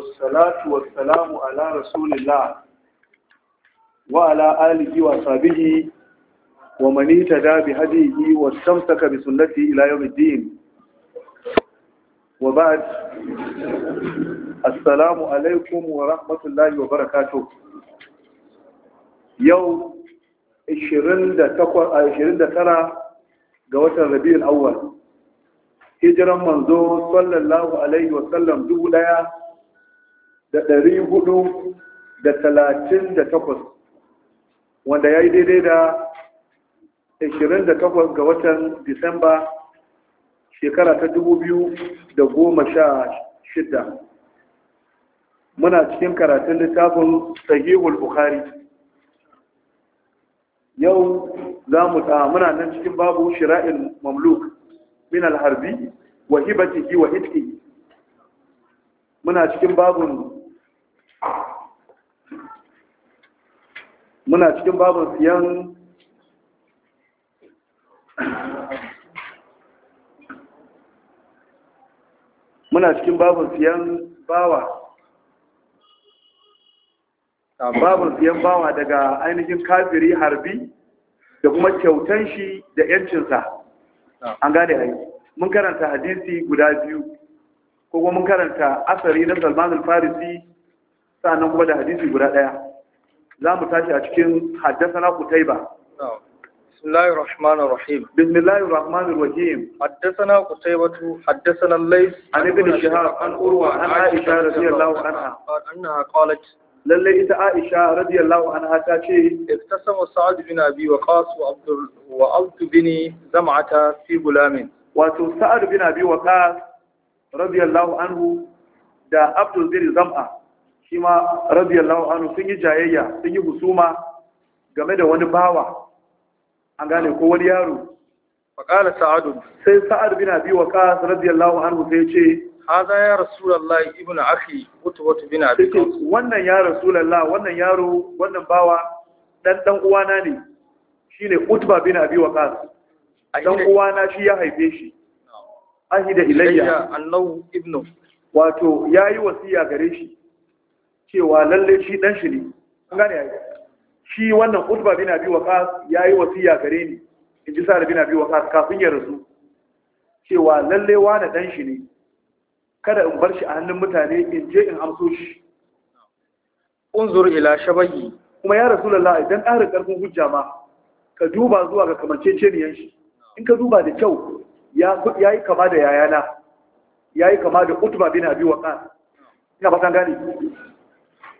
wasu wassalamu ala rasulillah wa ala alihi wa sabihi wa manita da bi hadihi wa tamsaka bi sunnati ila yawmi din wa ba'd assalamu alaikum wa rahmatullahi wa barakatuh yau 28 a 29 ga watan rabiul awwal hijran manzo sallallahu alaihi wa sallam dubu daya da ɗari hudu da talatin da takwas wanda ya yi daidai da ashirin da takwas ga watan disamba shekara ta dubu biyu da goma sha shida muna cikin karatun littafin sahihul bukhari yau za mu ta muna nan cikin babu shira'il mamluk min alharbi wa hibatihi wa hitki muna cikin babun muna cikin babin siyan muna cikin babin siyan bawa babin siyan bawa daga ainihin kafiri harbi da kuma kyautan shi da yancinsa an gane ai mun karanta hadisi guda biyu ko kuma mun karanta asari na salman al-farisi sannan kuma da hadisi guda daya za mu tashi a cikin haddasana kutaiba بسم الله الرحمن الرحيم بسم الله الرحمن الرحيم حدثنا قتيبة حدثنا الليث عن ابن شهاب عن أروى عن عائشة رضي الله عنها أنها قالت للي إذا عائشة رضي الله عنها تاتي اقتسم سعد بن أبي وقاص وعبد وعبد بن زمعة في غلام واتو سعد بن أبي وقاص رضي الله عنه دا عبد بن زمعة shi ma radiyallahu anhu sun yi jayayya sun yi husuma game da wani bawa an gane ko wani yaro faƙala sa'adu sai sa'ad bin abi waqas radiyallahu anhu sai ce haza ya rasulullah ibnu akhi utwatu bin abi wannan ya rasulullah wannan yaro wannan bawa dan dan uwana ne shine utba bin abi waqas dan uwana shi ya haife shi ahida ilayya annahu ibnu wato yayi wasiya gare shi cewa lalle shi dan shi ne an gane yayi shi wannan utba bin abi waqas yayi wasiya gare ni in ji sa'ad bin abi waqas kafin ya rasu cewa lalle wani dan shi ne kada in bar shi a hannun mutane in je in amso shi unzur ila shabayi kuma ya rasulullahi idan ƙarin ƙarfin hujja ma ka duba zuwa ga kamanceceniyan shi in ka duba da kyau ya yi kama da yayana ya yi kama da utba bin abi waqas ina ba san gane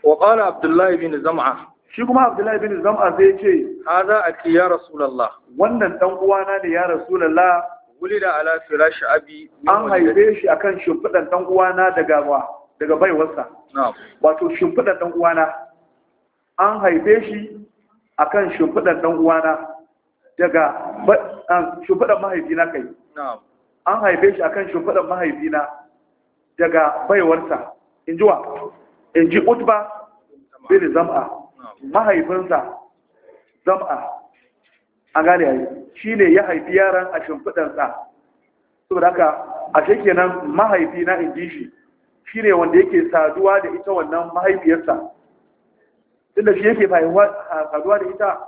wa qala abdullahi bin zam'a shi kuma abdullahi bin zam'a zai ce hada aki ya rasulullah wannan dan uwana ne ya rasulullah wulida ala firashi abi an haife shi akan shimfidan dan uwana daga wa daga baiwarsa wato shimfidan dan uwana an haife shi akan shimfidan dan uwana daga shimfidan mahaifina kai an haife shi akan shimfidan mahaifina daga baiwarsa in ji wa in ji utba bin zam'a mahaifinsa zam'a an gane yayi shi ne ya haifi yaran a shimfiɗansa saboda haka a nan mahaifi na inji shi shi ne wanda yake saduwa da ita wannan mahaifiyarsa inda shi yake saduwa da ita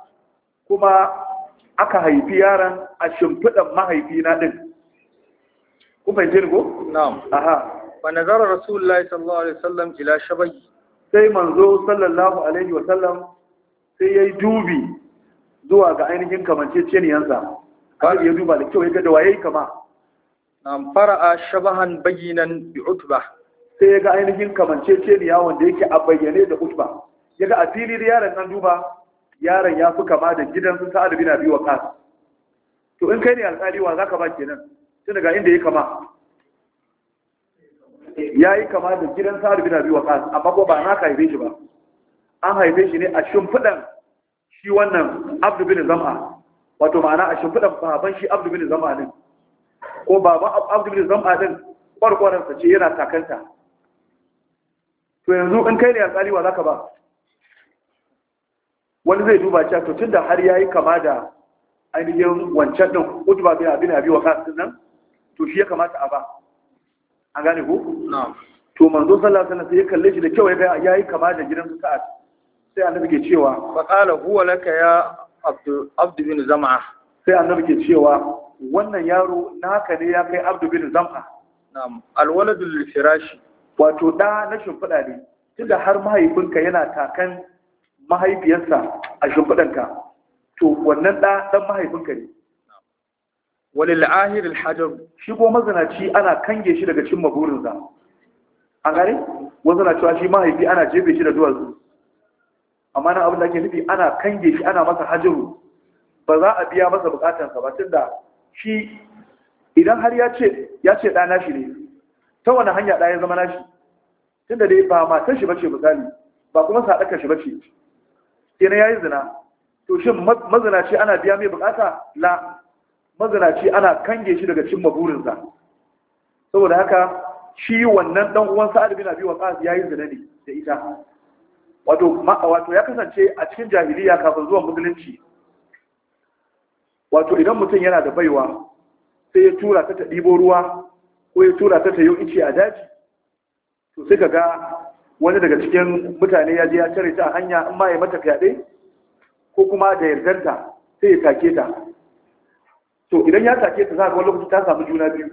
kuma aka haifi yaran a shimfiɗan mahaifi na ɗin kuma fahimci ko? na'am aha fa nazara rasulullahi sallallahu alaihi wasallam ila shabayi sai manzo sallallahu alaihi wa sallam sai yayi dubi zuwa ga ainihin kamanceceniyansa kawai ya duba da kyau ya ga da waye kama nam fara'a shabahan bayinan bi utba sai ya ga ainihin kamanceceniya wanda yake a bayyane da utba ya ga a fili da yaron nan duba yaron ya fi kama da gidan sun sa'ad bin abi waqas to in kai ne alƙali wa zaka ba kenan tun daga inda ya kama ya yi kama da gidan sa'ad bin abi waqas amma ko ba na ka haife shi ba an haife shi ne a shimfidan shi wannan abdu bin zam'a wato ma'ana a shimfidan baban shi abdu bin zam'a din ko baban abdu bin zam'a din kwarkwaran sa ce yana takanta to yanzu in kai ne alƙali wa zaka ba wani zai duba cewa to tunda har yayi kama da ainihin wancan din utba bin abi waqas din nan to shi ya kamata a ba an gane ko to manzo sallallahu alaihi wasallam sai ya kalle shi da kyau ya yi kama da gidan suka sai annabi ke cewa fa qala huwa laka ya abdu bin zam'a sai annabi ke cewa wannan yaro naka ne ya kai abdu bin zam'a na'am alwaladu lil firashi wato da na shimfida ne tunda har mahaifinka yana takan mahaifiyarsa a shimfidanka to wannan da dan mahaifinka ne walil ahir alhajar shi ko mazanaci ana kange shi daga cin maburinsa an gare wanda na cewa shi mahaifi ana jefe shi da duwatsu amma na abin da ke nufi ana kange shi ana masa hajaru ba za a biya masa bukatansa ba tunda shi idan har ya ce ya ce ɗana shi ne ta wani hanya ɗaya zama nashi tunda dai ba matan shi bace misali ba kuma sadaka shi bace kenan yayi zina to shin mazina ce ana biya mai bukata la mazanaci ana kange shi daga cimma burinsa saboda haka shi wannan dan uwan sa'ad bin abi waqas yayin zina ne da ita wato wato ya kasance a cikin jahiliya kafin zuwan musulunci wato idan mutum yana da baiwa sai ya tura ta ta ɗibo ruwa ko ya tura ta ta yau ice a daji to sai ka ga wani daga cikin mutane ya je ya tare ta a hanya in ma ya mata fyaɗe ko kuma da yardanta sai ya take ta to idan ya sake ta za a wani lokaci ta samu juna biyu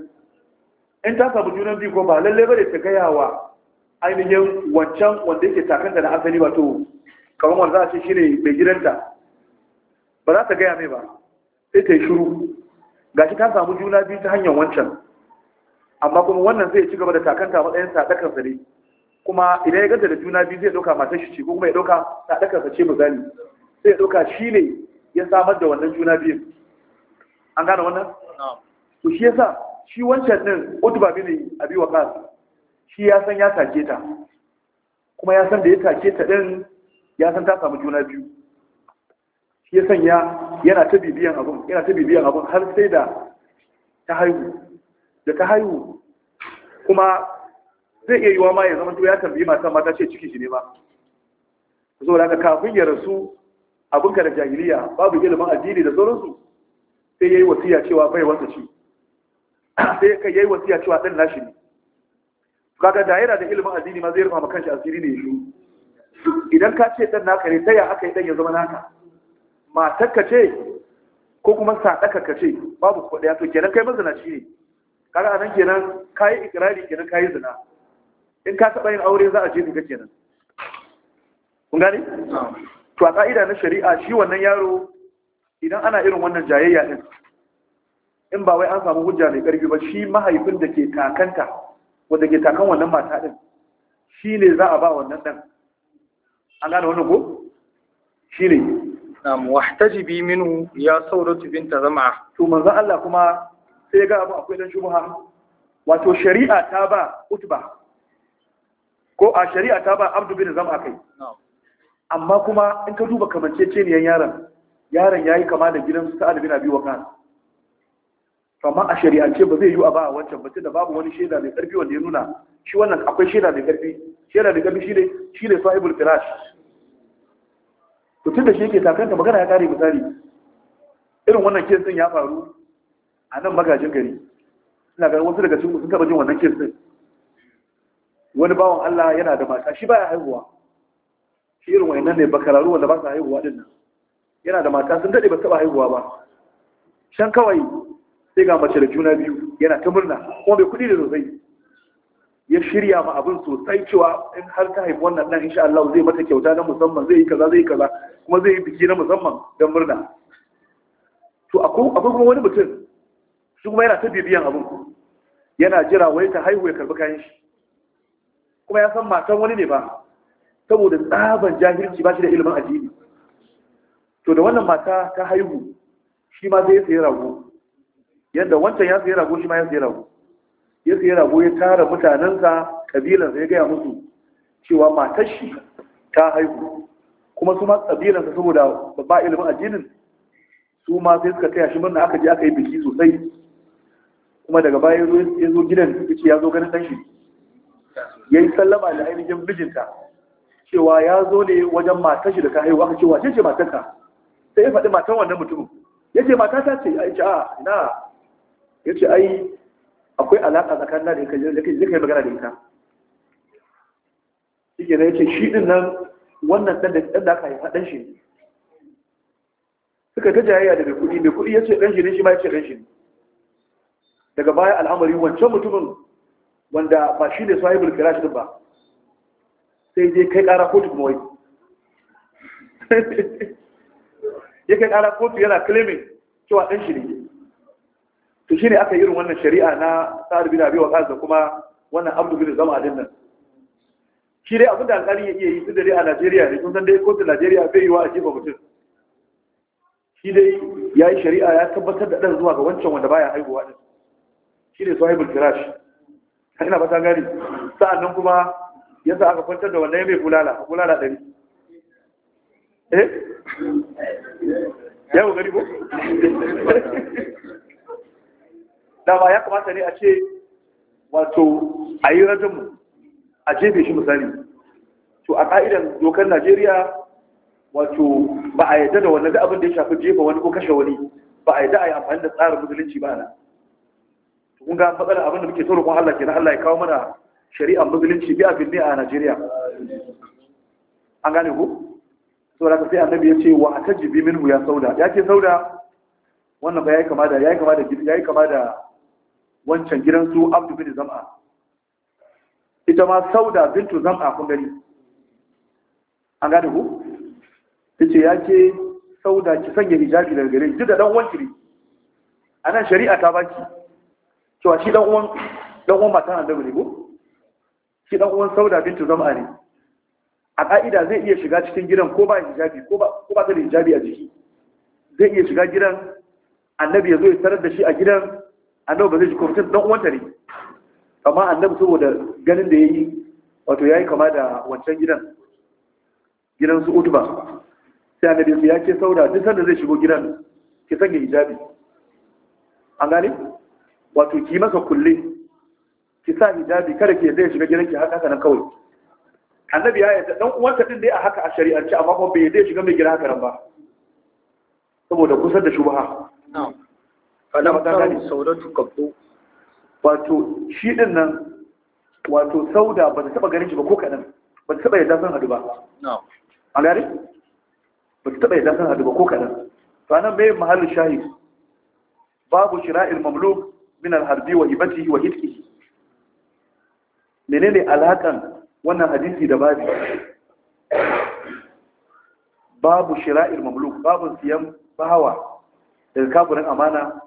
in ta samu juna biyu ko ba lalle bane ta gaya wa ainihin wancan wanda yake takanta da asali ba to kamar wanda za a ce shine mai gidanta ba za ta gaya mai ba sai ta yi shiru gashi ta samu juna biyu ta hanyar wancan amma kuma wannan zai ci gaba da takanta matsayin sadakarsa ne kuma idan ya ganta da juna biyu zai ɗauka matar shi ce ko kuma ya ɗauka sadakarsa ce misali sai ya ɗauka shi ne ya samar da wannan juna biyun an gane wannan to shi yasa shi wancan din utuba bin abi waqas shi ya san ya take ta kuma ya san da ya take ta din ya san ta samu juna biyu shi ya ya yana ta bibiyan abun yana ta bibiyan abun har sai da ta haihu da ta haihu kuma zai iya yiwa ma ya zama ya tambayi matan mata ce ciki shi ne ma da ka kafin ya rasu abinka da jahiliya babu ilimin addini da sauransu sai yi wasiya cewa bai wasa ci sai ya yi wasiya cewa ɗan nashi ne kaga da yana da ilimin addini ma zai rufa maka kanshi asiri ne shi idan ka ce ɗan naka ne taya aka yi ɗan ya zama naka matar ka ce ko kuma sadaka ka ce babu ko to kenan kai mazana shi ne kaga anan kenan kai ikrari kenan kai zina in ka taba yin aure za a je ka kenan kun gane to a ka'ida na shari'a shi wannan yaro idan ana irin wannan jayayya din in ba wai an samu hujja mai ƙarfi ba shi mahaifin da ke takanta wanda ke takan wannan mata din shi ne za a ba wannan ɗan an gane wannan ko shi ne wahtaji bi minhu ya sauratu binta zama to manzo Allah kuma sai ga abu akwai dan shubha wato shari'a ta ba utba ko a shari'a ta ba abdu bin zama kai amma kuma in ka duba yan yaron yaron ya yi kama da gidan su sa'ad bin abi kan amma a shari'ance ba zai yi a ba a wancan ba da babu wani shaida mai karfi wanda ya nuna shi wannan akwai shaida mai karfi shaida mai karfi shine shine sahibul firash to tunda shi yake takanta magana ya kare misali irin wannan kesin ya faru a nan magajin gari ina ganin wasu daga cikin sun taba jin wannan kesin wani bawan Allah yana da mata shi baya haihuwa shi irin wayannan ne bakararu wanda ba su haihuwa din nan yana da mata sun daɗe ba taɓa haihuwa ba shan kawai sai ga mace da juna biyu yana ta murna kuma bai kuɗi da sosai ya shirya ma abin sosai cewa in har ta haifi wannan ɗan insha Allah zai mata kyauta na musamman zai yi kaza zai yi kaza kuma zai yi biki na musamman don murna to akwai kuma wani mutum shi kuma yana ta bibiyan abin yana jira wai ta haihu ya karbi kayan shi kuma ya san matan wani ne ba saboda tsaban jahilci ba shi da ilimin addini to da wannan mata ta haihu shi ma zai sayi rago yadda wancan ya sayi rago shi ma ya sayi rago ya sayi rago ya tara mutanensa kabilansa ya gaya musu cewa matar shi ta haihu kuma su ma kabilansa saboda ba ilimin addinin su ma sai suka taya shi murna aka je aka yi biki sosai kuma daga baya ya zo gidan yace ya zo ganin dan shi yi sallama da ainihin mijinta cewa ya zo ne wajen matar shi da ta haihu aka ce wace ce matarka sai ya faɗi matan wannan mutumin ya ce mata ta ce ai a ah, ina ya ce ai akwai alaƙa tsakanin da kai da kai magana da ita shi ke ya ce shi ɗin nan wannan ɗan da aka yi ɗan shi suka ta jayayya da mai kuɗi mai kuɗi ya ce ɗan shi ne shi ma ya ce ɗan shi ne daga baya al'amari wancan mutumin wanda ba shi ne sahibul kirash din ba sai dai kai ƙara kotu kuma wai ya kai ƙara kotu yana claiming cewa ɗan shi ne to shine aka yi irin wannan shari'a na sa'ad bin wa waqas da kuma wannan abdu bin zama din nan shi dai abin da alƙali ya iya yi su dare a Najeriya ne kun san dai kotun Najeriya bai yi wa a jefa mutum shi dai ya yi shari'a ya tabbatar da ɗan zuwa ga wancan wanda baya haihuwa ɗin shi ne sahibul firash ina ba ta gani sa'an nan kuma yasa aka kwantar da wannan ya mai bulala bulala ɗari eh yau gari ko dama ya kamata ne a ce wato a yi rajinmu a jefe shi misali to a ka'idan dokar najeriya wato ba a yadda da wannan abin da ya shafi jefa wani ko kashe wani ba a yadda a yi amfani da tsarin musulunci ba na kun ga matsalar abin da muke tsoro kun Allah kenan Allah ya kawo mana shari'ar musulunci bi a ne a Najeriya an gane ku saboda ka sai annabi ya ce wa atajibi minhu ya sauda ya ce sauda wannan ba yayi kama da yayi kama da yayi kama da wancan gidan su abdu bin zam'a ita ma sauda bintu zam'a kun gani an gane ku tace ya ce sauda ki sanya hijabi daga gare duk da dan uwan ki anan shari'a ta baki cewa shi dan uwan dan uwan matan annabi ne ko shi dan uwan sauda bintu zam'a ne a ƙa'ida zai iya shiga cikin gidan ko ba hijabi ko ba ta da hijabi a jiki zai iya shiga gidan annabi ya zo ya tarar da shi a gidan annabi ba zai ji kwamitin don uwanta ne amma annabi saboda ganin da ya yi wato ya yi kama da wancan gidan gidan su utuba sai annabi su ya ce saura duk sanda zai shigo gidan ki sanya hijabi an gane wato ki masa kulle ki sa hijabi kada ki zai shiga gidan ki haka nan kawai annabi ya yadda dan uwanka din dai a haka a shari'ance amma kuma bai yadda shiga mai gida haka nan ba saboda kusa da shubha na'am fala ta saudatu kabdu wato shi din nan wato sauda ba ta taba ganin shi ba ko kadan ba ta taba yadda san hadu ba na'am an gare ba ta taba yadda san hadu ba ko kadan to anan bai mahallin shahid babu shira'il mamluk min al-harbi wa hibatihi wa hitkihi menene alakan wannan hadisi da babu babu shira'ir mamluk babu siyan bawa daga kafirin amana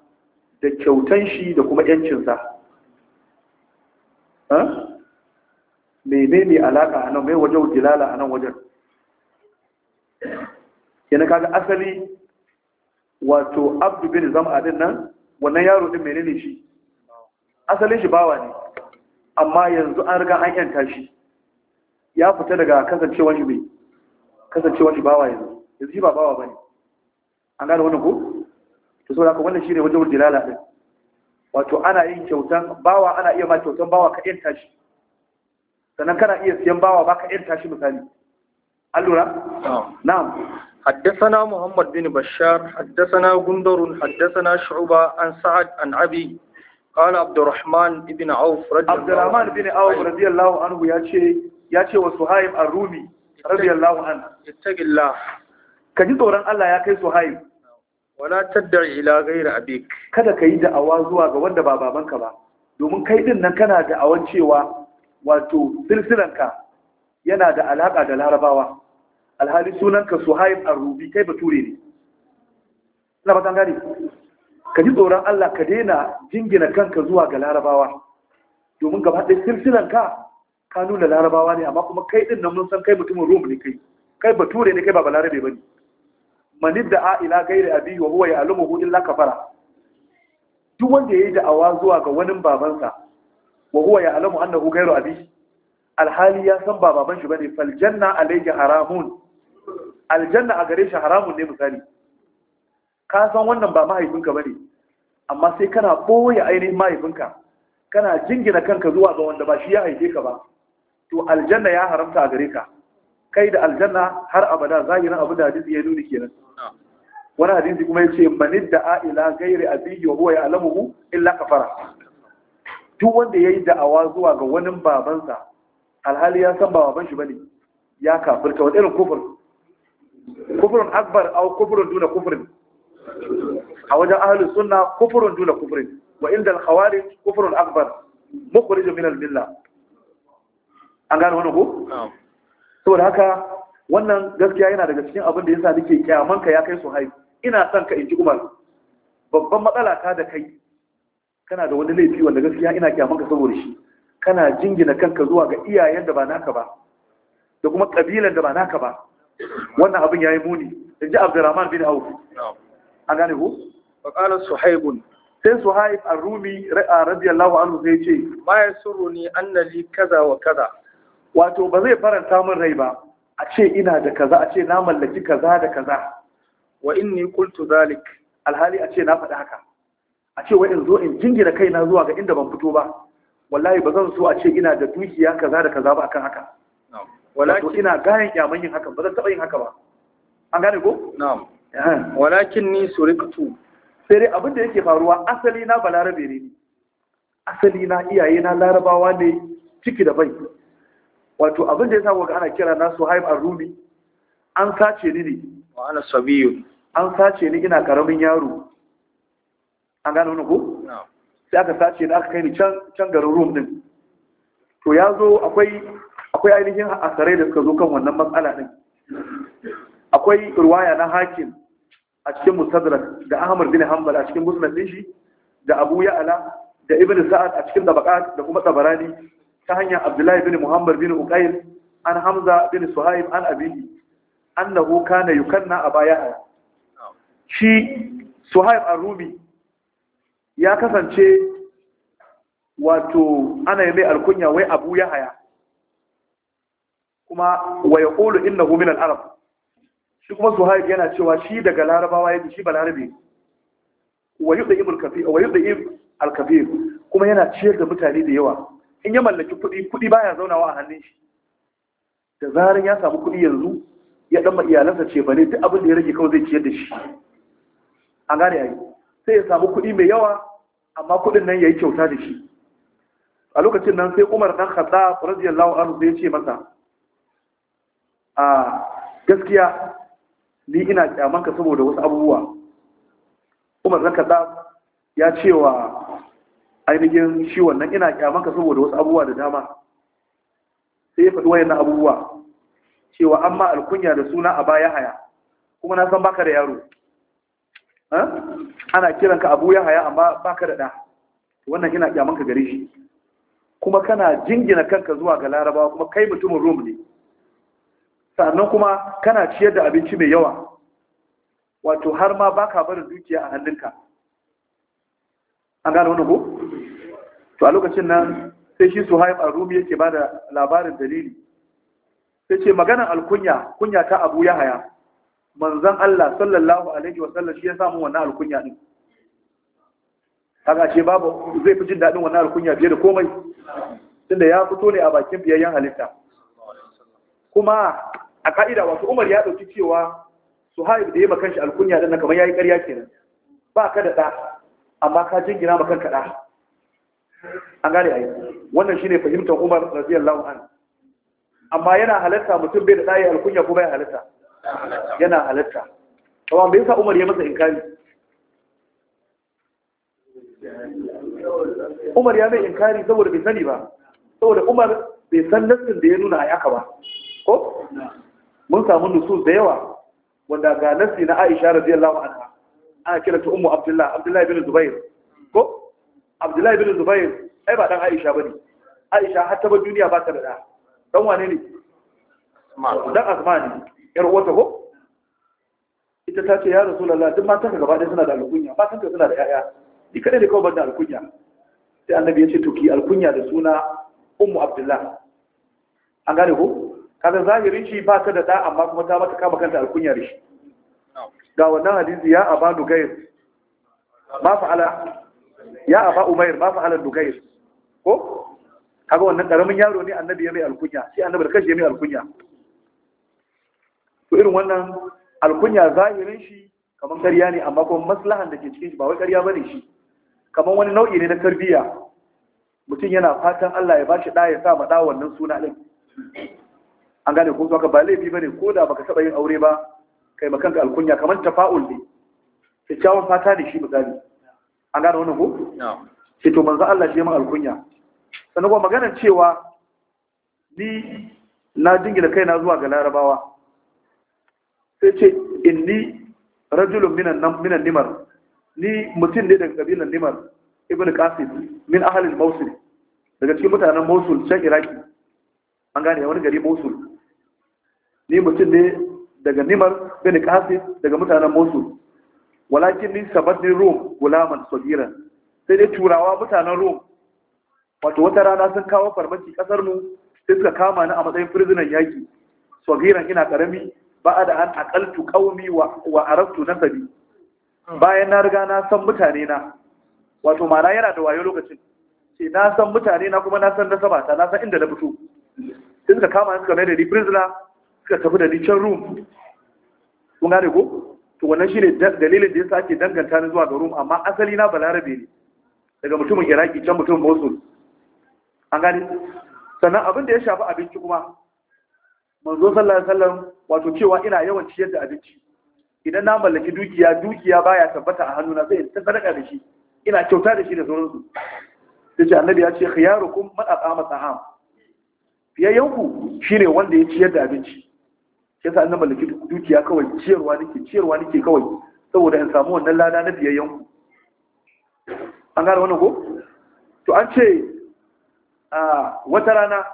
da kyautan shi da kuma yancinsa mene ne alaƙa a nan mai wajen jilala a nan wajen yana kaga asali wato abdu bin zama adin nan wannan yaro din menene shi asalin shi bawa ne amma yanzu an riga an yanta shi ya fita daga kasancewar shi mai kasancewar shi bawa yanzu yanzu shi ba bawa bane an gane wannan ko to saboda ka wannan shine wajen dilala din wato ana yin kyautan bawa ana iya ma kyautan bawa ka yanta shi sannan kana iya siyan bawa ba ka yanta shi misali an lura na'am حدثنا محمد بن بشار حدثنا غندر حدثنا شعبة عن سعد عن عبي قال عبد الرحمن بن عوف رضي الله عنه عبد الرحمن بن عوف رضي الله عنه يقول ya ce wa suhaim al rumi radiyallahu anhu ittaqillah ka ji tsoron Allah ya kai suhaim wala tad'i ila ghayri abik kada ka yi da'awa zuwa ga wanda ba babanka ba domin kai din nan kana da awan cewa wato silsilanka yana da alaka da larabawa alhali sunanka suhaim ar rumi kai bature ne ina ba gane ka ji tsoron Allah ka daina jingina kanka zuwa ga larabawa domin gaba ɗaya silsilanka ka nuna larabawa ne amma kuma kai din nan mun san kai mutumin rum ne kai kai bature ne kai ba balarabe bane manid da a ila gairi abi wa huwa ya'lamuhu illa kafara duk wanda yayi da'awa zuwa ga wani babansa wa huwa ya'lamu annahu gairu abi alhali ya san ba baban shi bane fal janna alayhi haramun aljanna a gare shi haramun ne misali ka san wannan ba mahaifinka bane amma sai kana boye ainihin mahaifinka kana jingina kanka zuwa ga wanda ba shi ya haife ka ba to aljanna ya haramta a gare ka kai da aljanna har abada zahirin abu da hadisi ya nuni kenan wani hadisi kuma ya ce manid da a'ila gairi abiyi wa huwa ya'lamuhu illa kafara duk wanda ya yi da'awa zuwa ga wani babansa alhali ya san baban shi bane ya kafirta wani irin kufur kufrun akbar au kufrun duna kufrin a wajen ahli sunna kufrun duna kufrin wa inda al-khawarij kufrun akbar mukhrij min al-millah an gane wani ko saboda haka wannan gaskiya yana daga cikin abin da yasa nake kyaman ka ya kai su haihu ina son ka in ji umar babban matsala ta da kai kana da wani laifi wanda gaskiya ina kyaman ka saboda shi kana jingina kanka zuwa ga iyayen da ba naka ba da kuma kabilan da ba naka ba wannan abin yayi muni in ji abdurrahman bin hawu an gane ko faqala suhaibun sai suhaib ar-rumi radiyallahu anhu sai ce ma yasurruni annali kaza wa kaza wato ba zai faranta min rai ba a ce ina da kaza a ce na mallaki kaza da kaza wa inni qultu zalik alhali a ce na faɗi haka a ce wai in zo in jingina kaina zuwa ga inda ban fito ba wallahi ba zan so a ce ina da dukiya kaza da kaza ba akan haka wato ina gayan kyaman yin hakan ba zan taɓa yin haka ba an gane ko na'am walakin ni suriktu sai dai abin da yake faruwa asali na balarabe ne asali na iyaye na larabawa ne ciki da bai wato abin da ya sa ga ana kira na Suhaib Ar-Rumi an sace ni ne wa sabiyu an sace ni ina karamin yaro an gano ne ko sai aka sace ni aka kai ni can garin Rum din to ya zo akwai ainihin asarai da suka zo kan wannan matsala din akwai ruwaya na hakim a cikin mustadrak da Ahmad bin Hanbal a cikin musnad din shi da Abu Ya'la da Ibn Sa'ad a cikin tabaqat da kuma Tabarani ta hanyar abdullahi bin muhammad bin uqayl an hamza bin suhaib an abihi annahu kana yukanna abaya shi suhaib ar ya kasance wato ana yi mai alkunya wai abu ya haya kuma wa ya ƙulu inna min al-arab shi kuma suhaib yana cewa shi daga larabawa yake shi balarabe wa yudda ibul kafir wa kuma yana ciyar da mutane da yawa in ya mallaki kuɗi kuɗi baya zaunawa a hannun shi da zarar ya samu kuɗi yanzu ya ɗan iyalansa ce bane duk abin da ya rage kawai zai ciyar da shi a gane yayi sai ya samu kuɗi mai yawa amma kuɗin nan yayi kyauta da shi a lokacin nan sai Umar dan Khattab radiyallahu anhu sai ya ce masa a gaskiya ni ina kyamanka saboda wasu abubuwa Umar dan Khattab ya ce wa ainihin shi wannan ina kyamanka saboda wasu abubuwa da dama sai ya faɗi wayannan abubuwa cewa amma alkunya da suna a baya haya kuma na san baka da yaro ana kiranka abu ya haya amma baka da ɗa wannan ina kyamanka gare shi kuma kana jingina kanka zuwa ga larabawa kuma kai mutumin rom ne sannan kuma kana ciyar da abinci mai yawa wato har ma baka barin dukiya a hannunka an gane wani ko to a lokacin nan sai shi suhaib arumi yake ba da labarin dalili sai ce maganar alkunya kunya ta abu ya haya manzan Allah sallallahu alaihi wasallam shi ya samu wannan alkunya din haka ce babu zai fi jin daɗin wannan alkunya fiye da komai tunda ya fito ne a bakin biyayyen halitta kuma a ka'ida wasu umar ya ɗauki cewa suhaib da ya makanshi shi alkunya din kamar ya yi ƙarya kenan ba ka da ɗa amma ka jingina makan ka ɗa an gane ai wannan shine fahimtar Umar radiyallahu anhu amma yana halatta mutum bai da dai alkunya ko bai halatta yana halatta amma bai sa Umar ya masa inkari Umar ya mai inkari saboda bai sani ba saboda Umar bai san nassin da ya nuna ai aka ba ko mun samu nusus da yawa wanda ga nassi na Aisha radiyallahu anha ana kira ta Ummu Abdullah Abdullah ibn Zubair abdullahi bin zubair ai ba dan aisha bane aisha har ta ba duniya ba ta da dan wane ne dan asma ne yar wata ko ita ta ce ya rasulullahi duk matan ka gaba ɗaya suna da alkunya san ka suna da yaya ni kada ne kawai ban da alkunya sai annabi ya ce to ki alkunya da suna ummu abdullah an gane ko Kada zahirin shi ba ta da da amma kuma ta mata kama kanta alkunya da shi ga wannan hadisi ya abanu gayr ma fa'ala ya aba umair ba fa halar dugair ko kaga wannan karamin yaro ne annabi ya mai alkunya sai annabi da kashi ya mai alkunya to irin wannan alkunya zahirin shi kaman karya ne amma kuma maslahan da ke cikin shi ba wai ƙarya bane shi kaman wani nau'i ne na tarbiyya mutum yana fatan Allah ya bashi da ya sa ma da wannan suna din an gane ko haka ba laifi bane ko da baka taba yin aure ba kai makanka alkunya kaman tafa'ul ne kyakkyawan fata ne shi misali an gane wani ko? ce to manzan Allah shi ma alkunya sannan kuma maganar cewa ni na jingina kaina zuwa ga larabawa sai ce in ni rajulun minan nimar ni mutum ne daga kabilan nimar ibn qasim min ahalin mausul daga cikin mutanen mausul can iraki an gane wani gari mausul ni mutum ne daga nimar bin qasim daga mutanen mausul walakin ni sabaddin Rome, gulaman sabira sai dai turawa mutanen Rome. wato wata rana sun kawo farmaki kasar mu sai suka kama ni a matsayin firzinan yaki sabiran ina karami ba da an akaltu kaumi wa arabtu na nasabi bayan na riga na san mutane na wato mana yana da wayo lokacin ce na san mutane na kuma na san nasaba ta na san inda na fito sai suka kama ni suka mai da ni prisoner suka tafi da ni can room kun gane ko to wannan shine dalilin da ya ake danganta ni zuwa ga Rum amma asali na Balarabe ne daga mutumin Iraki can mutumin Mosul an gani sannan abin da ya shafi abinci kuma manzo sallallahu alaihi wasallam wato cewa ina yawan ciyar da abinci idan na mallaki dukiya dukiya baya tabbata a hannuna sai in sadaka da shi ina kyauta da shi da sauransu yace annabi ya ce khiyarukum man aqama ta'am fiyayyanku shine wanda ya ciyar da abinci shi yasa na mallaki dukiya kawai ciyarwa nake ciyarwa nake kawai saboda in samu wannan lada na biyayyen an gara wannan ko to an ce a wata rana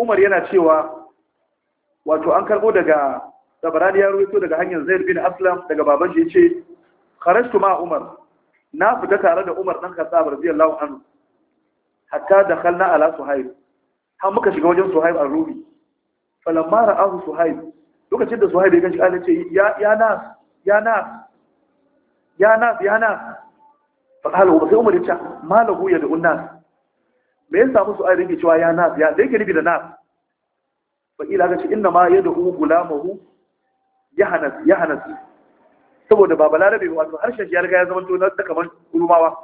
Umar yana cewa wato an karbo daga Tabarani ya ruwaito daga hanyar Zaid bin Aslam daga baban shi yace kharajtu ma Umar na fita tare da Umar dan Khattab radiyallahu anhu hatta dakhalna ala Suhaib har muka shiga wajen Suhaib al rubi falamma ra'ahu suhaib lokacin da suhaib ya ganshi ya nas ya nas ya nas ya nas fa kala ba sai umar ya ce malahu ya da nas me ya samu suhaib yake cewa ya nas ya da yake rubi da nas fa ila ga ce inna ma yad'u gulamahu yahanas yahanas saboda baba balarabe wato harshen shi ya riga ya zama to na kamar rumawa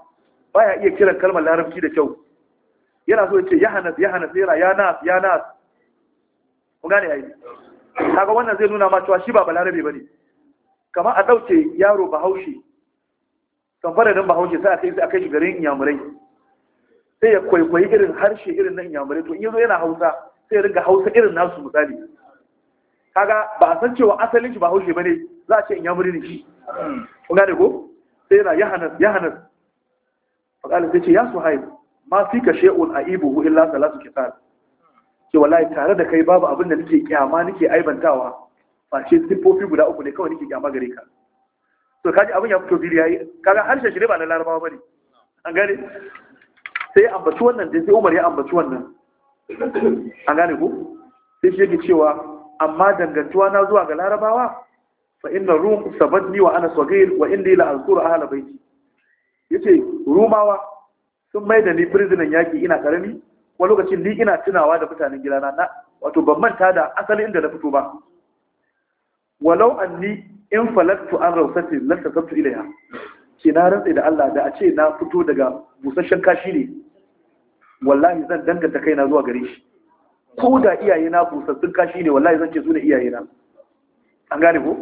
baya iya kiran kalmar larabci da kyau yana so ya ce yahanas yahanas yana ya nas ya nas ku gane yayi kaga wannan zai nuna ma cewa shi ba balarabe bane kamar a dauke yaro bahaushe kamfanin bahaushe sai a kai sai a kai shi garin inyamurai sai ya kwaikwayi irin harshe irin na inyamurai to in yazo yana hausa sai ya riga hausa irin nasu misali kaga ba a san cewa asalin shi bahaushe bane za a ce inyamurai ne shi ku gane ko sai yana yahanas yahanas fakalin sai ce ya suhaib ma fi ka shay'un aibuhu illa salatu kitab ke wallahi tare da kai babu abin da nake kyama nake aibantawa face sifofi guda uku ne kawai nake kyama gare ka to kaji abin ya fito biri yayi kaga harshen shi ne ba na larabawa bane an gane sai ya ambaci wannan dai sai Umar ya ambaci wannan an gane ko sai shi yake cewa amma dangantuwa na zuwa ga larabawa fa inna rum sabadni wa ana sagir wa inni la azkuru ahla bayti yace rumawa sun mai da ni prisoner yaki ina karami wani lokacin ni ina tunawa da mutanen gidana na wato ban manta da asali inda na fito ba walau anni in falattu an rausatin na tasabtu ilaiya ce na rantsa da Allah da a ce na fito daga busasshen kashi ne wallahi zan danganta kaina zuwa gare shi ko da iyaye na busassun kashi ne wallahi zan ce su ne iyaye na an gane ko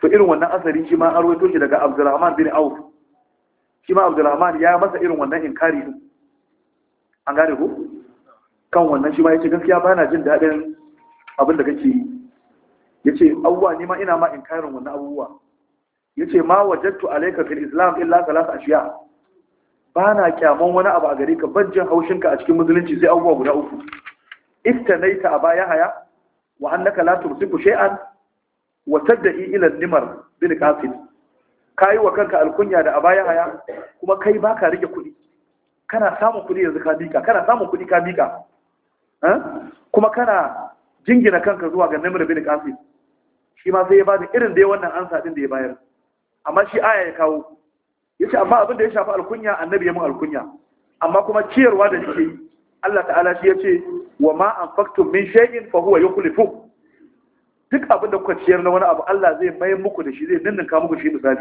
to irin wannan asali shi ma an rawaito shi daga Abdulrahman bin Auf shi ma Abdulrahman ya masa irin wannan inkari din an gane ko kan wannan shi ma ya ce gaskiya ba na jin daɗin abin da kake yi ya ce abubuwa ni ma ina ma in karin wannan abubuwa ya ce ma wajattu alaika fil islam illa salat ashiya ba na kyaman wani abu a gare ka ban jin haushin ka a cikin musulunci sai abubuwa guda uku iftanaita a baya haya wa annaka la tumsiku shay'an wa tad'i ila nimar bil qasid kai wa kanka alkunya da abaya haya kuma kai baka rike kuɗi kana samun kuɗi yanzu ka bika kana samun kuɗi ka bika Eh? kuma kana jingina kanka zuwa ga namir bin qasim shi ma sai ya bada irin da wannan ansa din da ya bayar amma shi aya ya kawo Ya ce, amma abin da ya shafi alkunya annabi ya mun alkunya amma kuma ciyarwa da shi yi Allah ta'ala shi ya ce wa ma anfaqtum min shay'in fa huwa yukhlifu duk abin da kuka ciyar na wani abu Allah zai mai muku da shi zai ninninka muku shi misali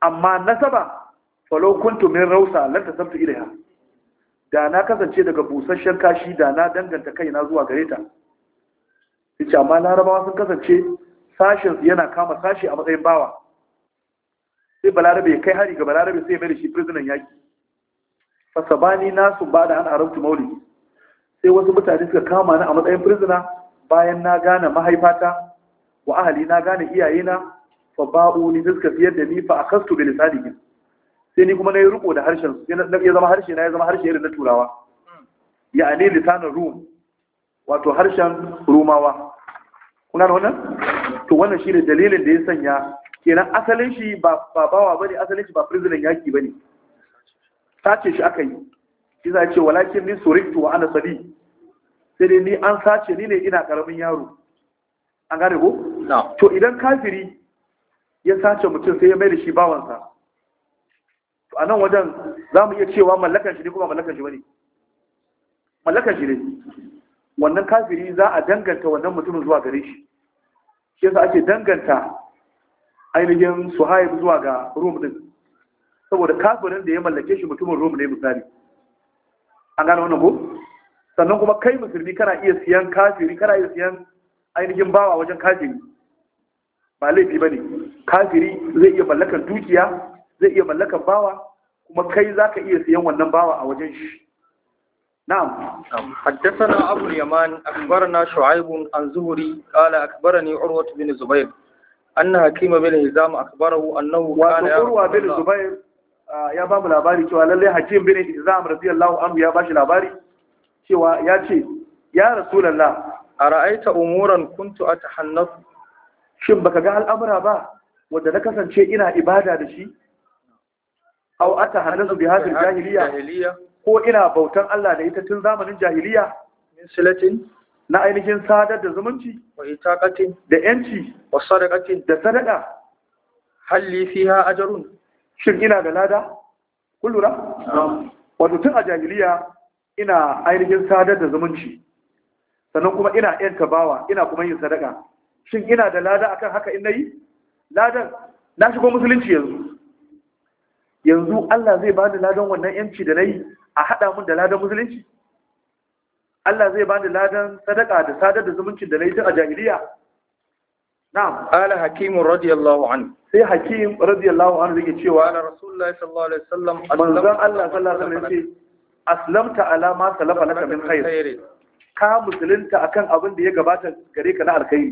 amma nasaba falau kuntum min rausa lan tasabtu ilaiha da na kasance daga busasshen kashi da na danganta kaina zuwa gare ta ce amma larabawa sun kasance sashensu yana kama sashi a matsayin bawa sai balarabe ya kai hari ga balarabe sai ya mai da shi prisoner yaki fasabani nasu ba da an arabtu mauli sai wasu mutane suka kama ni a matsayin prisoner bayan na gane mahaifata wa ahali na gane iyayena fa ba'u ni suka siyar da ni fa a bi lisanihim sai ni kuma na yi riko da harshen su ya zama harshe na ya zama harshe irin na turawa hmm. ya ani lisanin rum wato harshen rumawa kuna da wannan to wannan shi ne dalilin da ya sanya kenan asalin shi ba bawa ne asalin shi ba prisoner yaki ba ne. sace shi aka yi shi za ce walakin ni suriktu wa ana sabi sai dai ni an sace ni ne ina karamin yaro an gane ko to idan kafiri ya sace mutum sai ya mai da shi bawansa to a nan wajen za mu iya cewa mallakan shi ne kuma mallakan shi ba ne mallakan shi ne wannan kafiri za a danganta wannan mutumin zuwa gare shi shi yasa ake danganta ainihin suhaib zuwa ga rum din saboda kafirin da ya mallake shi mutumin rum ne misali an gane wannan ko sannan kuma kai musulmi kana iya siyan kafiri kana iya siyan ainihin bawa wajen kafiri ba laifi ba ne kafiri zai iya mallakan dukiya zai iya mallakar bawa kuma kai za ka iya siyan wannan bawa a wajen shi na'am haddasana abul yaman akbarna shu'aibun an zuhuri qala a urwat bin zubair hakima bin hizam akbarahu annahu kana bin zubair ya ba mu labari cewa lalle hakim ya bashi labari cewa ya ce ya rasulullah ara'aita umuran kuntu atahannasu shin baka ga al'amura ba wanda na kasance ina ibada da shi aw atahannazu bi hadhihi jahiliya ko ina bautan Allah da ita tun zamanin jahiliya min silatin na ainihin sadar da zumunci wa itaqatin da yanci wa sadaqatin da sadaqa halli fiha ajrun shin ina da lada kullura wato tun a jahiliya ina ainihin sadar da zumunci sannan kuma ina yanta bawa ina kuma yin sadaka shin ina da lada akan haka in nayi ladan na shigo musulunci yanzu yanzu Allah zai bani ladan wannan yanci da nayi a hada mun da ladan musulunci Allah zai bani ladan sadaka da sadar da zumuncin da nayi tun a jahiliya na'am ala hakim radiyallahu anhu sai hakim radiyallahu anhu yake cewa ala rasulullahi sallallahu alaihi wasallam manzon Allah sallallahu alaihi wasallam yake aslamta ala ma salafa laka min khair ka musulunta akan abin da ya gabata gare ka na alkhairi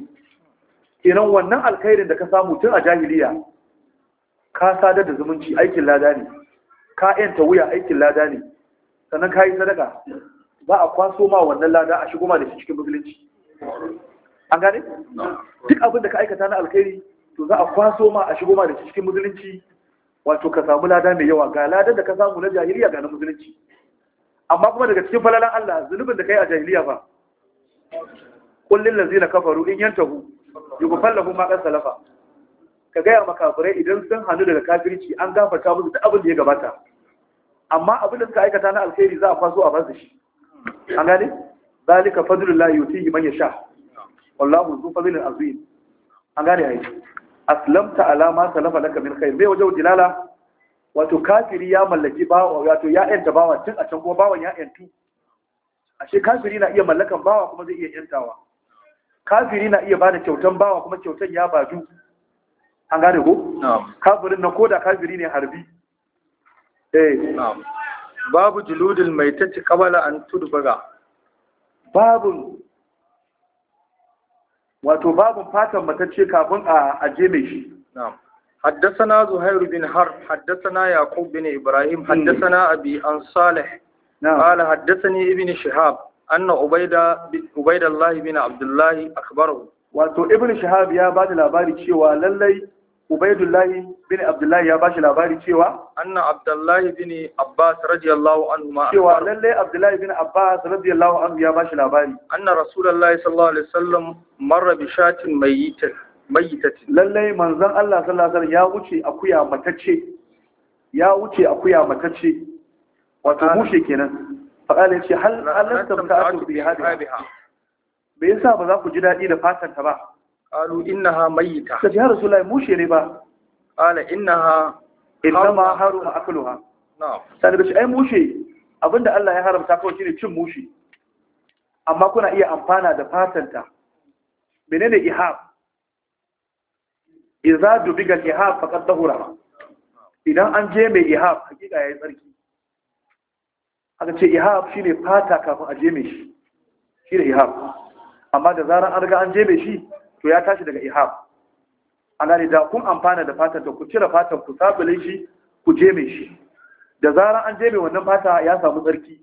kenan wannan alkhairin da ka samu tun a jahiliya ka sadar da zumunci aikin lada ne ka yanta wuya aikin lada ne sannan ka yi sadaka ba a kwaso ma wannan lada a shigo ma da shi cikin musulunci an gane duk abin da ka aikata na alkhairi to za a kwaso ma a shigo ma da shi cikin musulunci wato ka samu lada mai yawa ga ladan da ka samu na jahiliya ga na musulunci amma kuma daga cikin falalan Allah zunubin da kai a jahiliya fa kullin lazina kafaru in yantahu yughfar lahum ma qad salafa ka gaya makafirai idan sun hannu daga kafirci an gafarta musu duk abin da ya gabata amma abin da suka aikata na alkhairi za a faso a basu shi an gane zalika fadlullahi yutihi man yasha wallahu zu fadlil azim an gane ai aslamta ala ma salafa laka min khair bai wajen dilala wato kafiri ya mallaki bawa wato ya yanta bawa tun a can kuma bawan ya yantu ashe kafiri na iya mallakan bawa kuma zai iya yantawa kafiri na iya bada kyautan bawa kuma kyautan ya baju an gane ko? kafirin na koda kafiri ne harbi eh babu juludin mai tacci kabala an tudu baga babu wato babu fatan ce kafin a aje mai shi na zuhairu bin har Haddasa na yakub bin ibrahim hmm. Haddasa na abi an salih qala haddathani ibn shihab anna ubayda ubaydallahi bin abdullahi akhbaru wato ibn shihab ya bada labari cewa lallai Ubaidullahi bin Abdullahi ya bashi labari cewa anna Abdullahi bin Abbas radiyallahu anhu ma cewa lalle Abdullahi bin Abbas radiyallahu anhu ya bashi labari anna Rasulullahi sallallahu alaihi wasallam marra bi shatin mayyitin mayyitatin lalle manzon Allah sallallahu alaihi wasallam ya wuce akuya matacce ya wuce akuya matacce wato mushe kenan faqala yace hal alastam ta'atu bi hadiha me yasa ba za ku ji dadi da ta ba qalu innaha mayyita kace ya rasulullahi mu shere ba qala innaha innama haruma akluha na'am sai da shi ai mushe abinda Allah ya haramta kawai shine cin mushi. amma kuna iya amfana da fatanta menene ihab idza dubiga ihab faqad dahura idan an je mai ihab hakika yayi tsarki aka ce ihab shine fata kafin a je mai shi shine ihab amma da zaran an riga an je mai shi to ya tashi daga ihab ana gane da kun amfana da fatan ku cire fatan ku sabulin shi ku jeme shi da zarar an je jeme wannan fata ya samu tsarki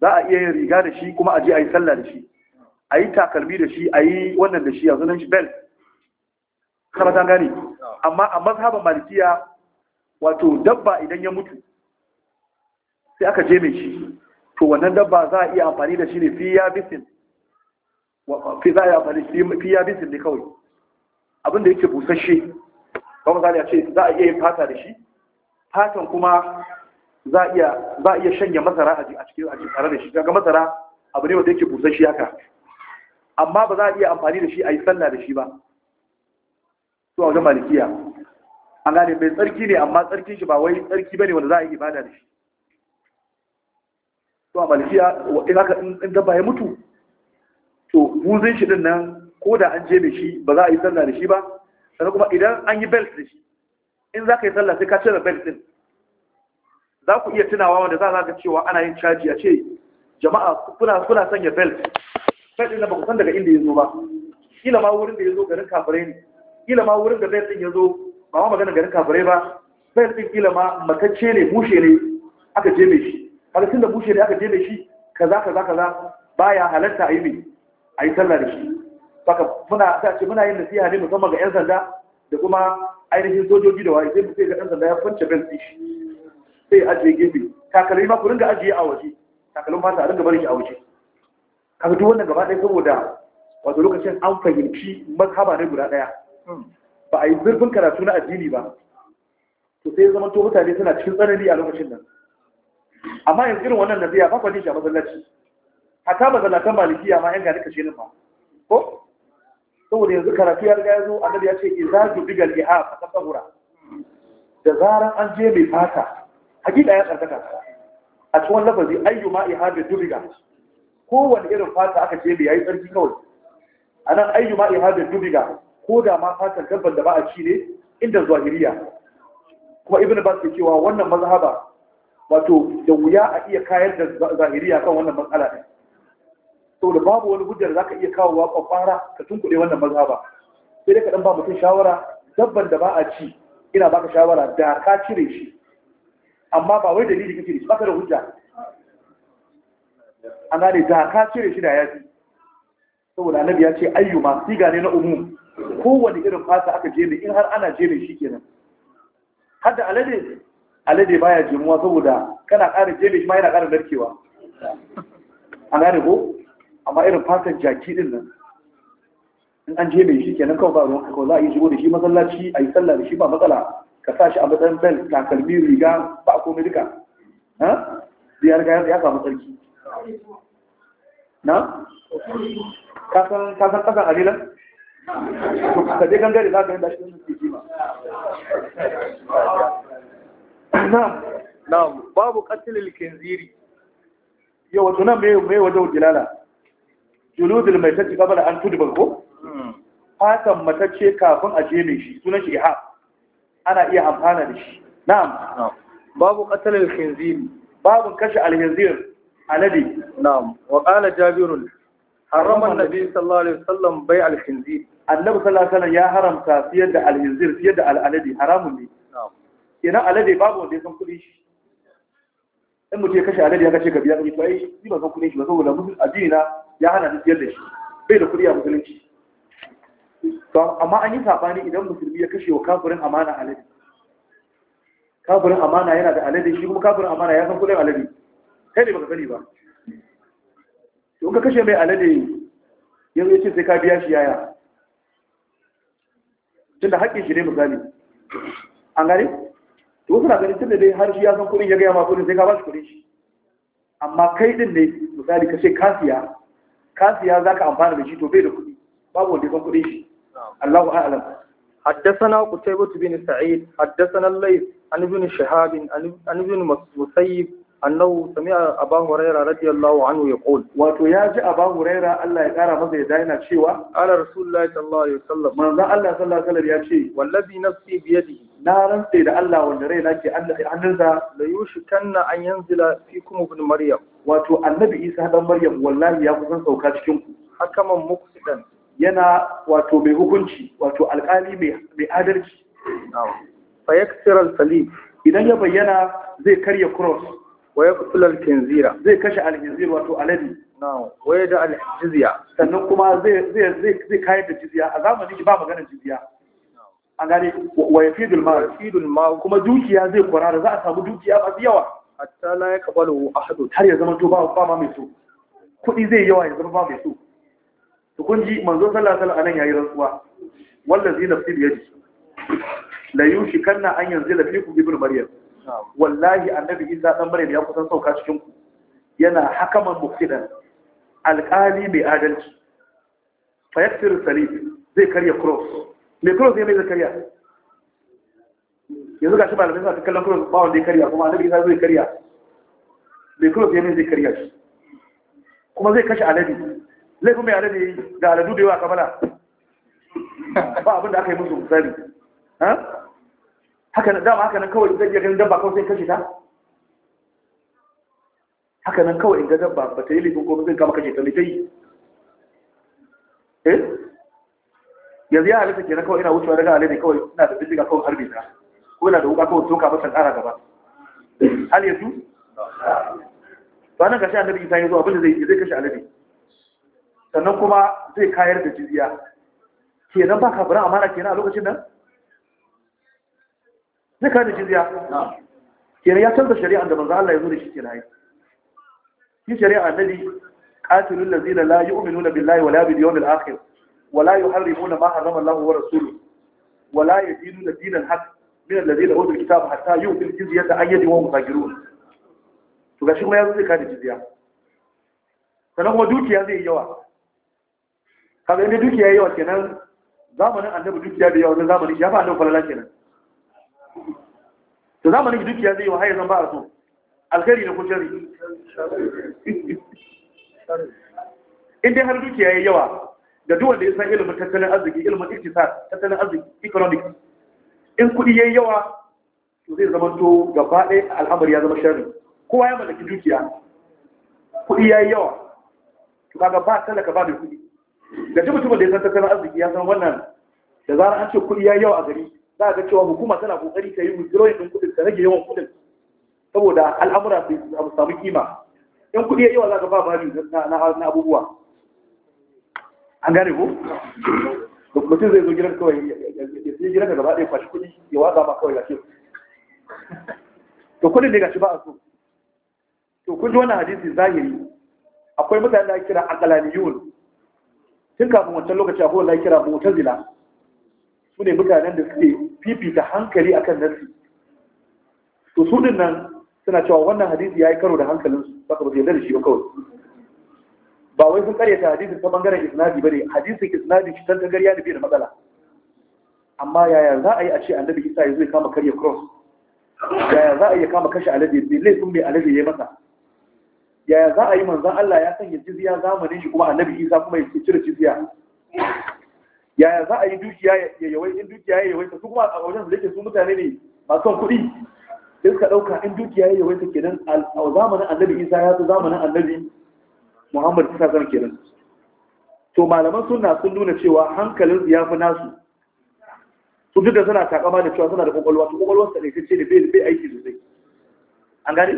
za a iya yin riga da shi kuma a je a yi sallah da shi a yi takalmi da shi a yi wannan da shi a zunan shi bel kama ta gane amma a mazhaban malikiya wato dabba idan ya mutu sai aka jeme shi to wannan dabba za a iya amfani da shi ne fi ya bisin fi za a yi amfani fi ya bisin ne kawai Abinda yake busasshe ba misali a ce za a iya yin fata da shi fatan kuma za a iya shanya masara a cikin a tare da shi ga masara abu ne wanda yake busasshe haka amma ba za a iya amfani da shi a yi sallah da shi ba to a wajen malikiya an gane mai tsarki ne amma tsarkin shi ba wai tsarki bane wanda za a yi ibada da shi to a malikiya in dabba ya mutu to buzin shi din nan ko da an je da shi ba za a yi sallah da shi ba sannan kuma idan an yi belt da shi in za ka yi sallah sai ka cire belt din za ku iya tunawa wanda za ka cewa ana yin caji a ce jama'a kuna kuna sanya belt belt din ba ku san daga inda ya zo ba kila ma wurin da ya zo garin kafirai ne kila ma wurin da belt din ya zo ba ma magana garin kafirai ba belt din kila ma matacce ne bushe ne aka je mai shi sun da bushe ne aka je mai shi kaza kaza kaza baya halatta a yi mai a yi sallar shi baka muna ta ce muna yin nasiha ne musamman ga yan sanda da kuma ainihin sojoji da wani sai mu sai ga yan sanda ya kwance benci shi sai ajiye gefe takalmi ma ku ringa ajiye a waje takalmi ba a ringa barin shi a waje ga duk wannan gaba ɗaya saboda wato lokacin an fahimci mazhaba ne guda ɗaya ba a yi zurfin karatu na addini ba to sai zama to mutane suna cikin tsanani a lokacin nan amma yanzu irin wannan nasiha ba kwanin shi a masallaci hatta mazalatan malikiya ma yan gani kashe ni ba ko saboda yanzu karatu ya riga ya zo annabi ya ce idza jubiga al-ihab tsahura da zaran an je mai fata hakika ya tsarkaka a cikin lafazi ayyuma ihab dubiga kowane irin fata aka ce mai yayi tsarki kawai anan ayyuma ihab dubiga ko da ma fatan dabban da ba a ci ne inda zahiriya kuma ibn ba ke cewa wannan mazhaba wato da wuya a iya kayar da zahiriya kan wannan matsala ne saboda babu wani hujjar ka iya wa kwakwara ka tunkuɗe wannan mazhaba sai dai ka ɗan ba mutum shawara dabban da ba a ci ina baka shawara da ka cire shi amma ba wai dalili kake da shi baka da hujja an gane da ka cire shi da yafi saboda annabi ya ce ayyuma siga ne na umum kowane irin fata aka jene in har ana jene shi kenan har da alade alade baya jimuwa saboda kana ƙara jene shi ma yana ƙara narkewa an gane ko amma irin fatan jaki din nan in an je mai shi kenan kawai ba ruwan kawai za a yi shigo da shi masallaci a yi sallah da shi ba matsala ka sa shi a matsayin bel takalmi riga ba komai duka ha ya riga ya samu tsarki na kasan kasan alilan ka je gari za ka yi dashi wani suke na na babu katilil kinziri yau wato nan mai wajen jilala juludul mai tacci kabala an tudbal ko hmm. fatan matacce kafin a jeme shi sunan shi ha ana iya amfana da shi na'am babu qatl al-khinzir babu kashi al-khinzir alade na'am wa qala jabir harama an-nabi sallallahu alaihi wasallam bai al-khinzir annabi sallallahu alaihi wasallam ya haramta siyar da al-khinzir siyar da al-alade haramun ne na'am Ina alade babu wanda ya san kudin shi in mutum ya kashe alade ya kashe ka biya kuɗi to ai ni ba san kudin shi ba saboda mutum addini na ya hana ni siyar da shi bai da kuɗi a musulunci amma an yi sabani idan musulmi ya kashe wa kafirin amana alade kafirin amana yana da alade shi kuma kafirin amana ya san kuɗin alade kai ne baka sani ba to ka kashe mai alade yanzu ya ce sai ka biya shi yaya tunda haƙƙin shi ne misali an gane to suna na ganin tunda dai har shi ya san kuɗin ya gaya ma kuɗin sai ka ba shi kuɗin shi amma kai din ne misali ka ce kafiya kasiya za ka amfana da shi to bai da kuɗi babu wanda kan kuɗin shi Allahu a'lam حدثنا قتيبة بن سعيد حدثنا الليث عن ابن شهاب عن ابن مسيب annahu sami'a aba huraira radiyallahu anhu yaqul wato ya ji aba Allah ya kara masa yadda yana cewa ala rasulullahi sallallahu alaihi wasallam manzo Allah sallallahu alaihi ya ce wallazi nafsi bi yadihi na rantse da Allah wanda rai nake hannunsa la yushkanna an yanzila fikum maryam wato annabi isa dan maryam wallahi ya kusan sauka cikin ku hakaman muqsidan yana wato mai hukunci wato alƙali mai adalci fa yaksir salib idan ya bayyana zai karya cross wa yaqtul al-khinzira zai kashe al wato aladi na'am wa yada al-jizya sannan kuma zai zai zai kayar da jizya a zamanin ba maganar jizya A gane wa yafidul mal kuma dukiya zai kwarara za a samu dukiya masu yawa hatta la ya kabalu ahadu har ya zama to ba ba ma mai so kudi zai yawa ya zama ba mai so to kun ji manzo sallallahu alaihi wasallam anan yayi rantsuwa wallazi nafsi bi yadi la yushikanna an yanzila ku ibnu maryam wallahi annabi isa dan maryam ya kusan sauka cikin ku yana hakaman muftidan alƙali mai adalci fa yaktir zai karya cross mai cross ne mai zai karya yanzu ga shi malamai sa ta kallon kuros bawon zai karya kuma annabi isa zai karya bai fiye yamin zai karya shi kuma zai kashe alabi laifin mai alabi ga aladu da yawa kamala ba abin da aka yi musu misali haka nan dama haka nan kawai zai iya ganin dabba kawai sai kashe ta haka nan kawai ga dabba ba ta yi laifin ko zai kama kashe ta laifin eh yanzu ya halitta kenan kawai ina wucewa daga alabi kawai ina da bindiga kawai harbe ta ko yana da wuka kawai toka masa ƙara gaba hal yanzu Ba nan gashi annabi isa yanzu abin da zai zai kashe alabi sannan kuma zai kayar da jizya kenan ba kafirin amana kenan a lokacin nan zai kayar da jizya kenan ya canza shari'a da manzo Allah ya zo da shi kenan ai shi shari'a annabi qatilul ladzina la yu'minuna billahi wala bil yawmil akhir wala yuharrimuna ma harrama Allah wa rasuluhu wala yadinuna dinal haqq min allazina utul kitaba hatta yu'til jizyata an yadi wa musakirun to gashi kuma yazo zai kada jizya sannan dukiya zai yawa kaga inda dukiya yayi yawa kenan zamanin annabi dukiya da yawa na zamanin ya fa annabi falala kenan to zamanin dukiya zai yawa har yanzu ba a so alkhairi da kushari in dai har dukiya yayi yawa da wanda ya san ilimin tattalin arziki ilimin iktisad tattalin arziki economics in kuɗi yayi yawa to zai zama to gaba ɗaya al'amari ya zama sharri kowa ya mallaki dukiya kuɗi yayi yawa to kaga ba talaka ba mai kuɗi da duk mutum da ya san tattalin arziki ya san wannan da zarar an ce kuɗi yayi yawa a gari za a ga cewa hukuma tana kokari ta yi withdrawing din kuɗin ta rage yawan kuɗin saboda al'amura su samu kima in kuɗi yayi yawa za ka ba bani na abubuwa an gane ko mutum zai zo gidan kawai ya gina gaba ɗaya kwashi kuɗi ya watsa ma kawai gashi to kuɗin ne gashi ba a so to kun ji wannan hadisi zahiri akwai mutane da kira akalaniyun tun kafin wancan lokaci akwai wanda kira mutazila su ne mutanen da suke fifita hankali akan nasi to su din nan suna cewa wannan hadisi ya yi karo da hankalinsu saka ba su yarda da shi ba kawai ba wai sun karyata hadisin ta bangaren isnadi bane hadisin isnadi shi tantagar gariya da da matsala amma yaya za a yi a ce annabi isa ya zai kama karya cross yaya za a yi kama kashe alade ne laifin mai alade ya masa yaya za a yi manzan Allah ya sanya jizya zamanin shi kuma annabi isa kuma ya cire jizya yaya za a yi dukiya ya yawai in dukiya ya yawai su kuma a wajen da yake su mutane ne masu son kuɗi sai suka ɗauka in dukiya ya yawai ta kenan a zamanin annabi isa ya zo zamanin annabi muhammad ta zan kenan to malaman sunna sun nuna cewa hankalin ya fi nasu su da suna takama da cewa suna da kwakwalwa su kwakwalwar sa ne ta ce da bai aiki sosai an gani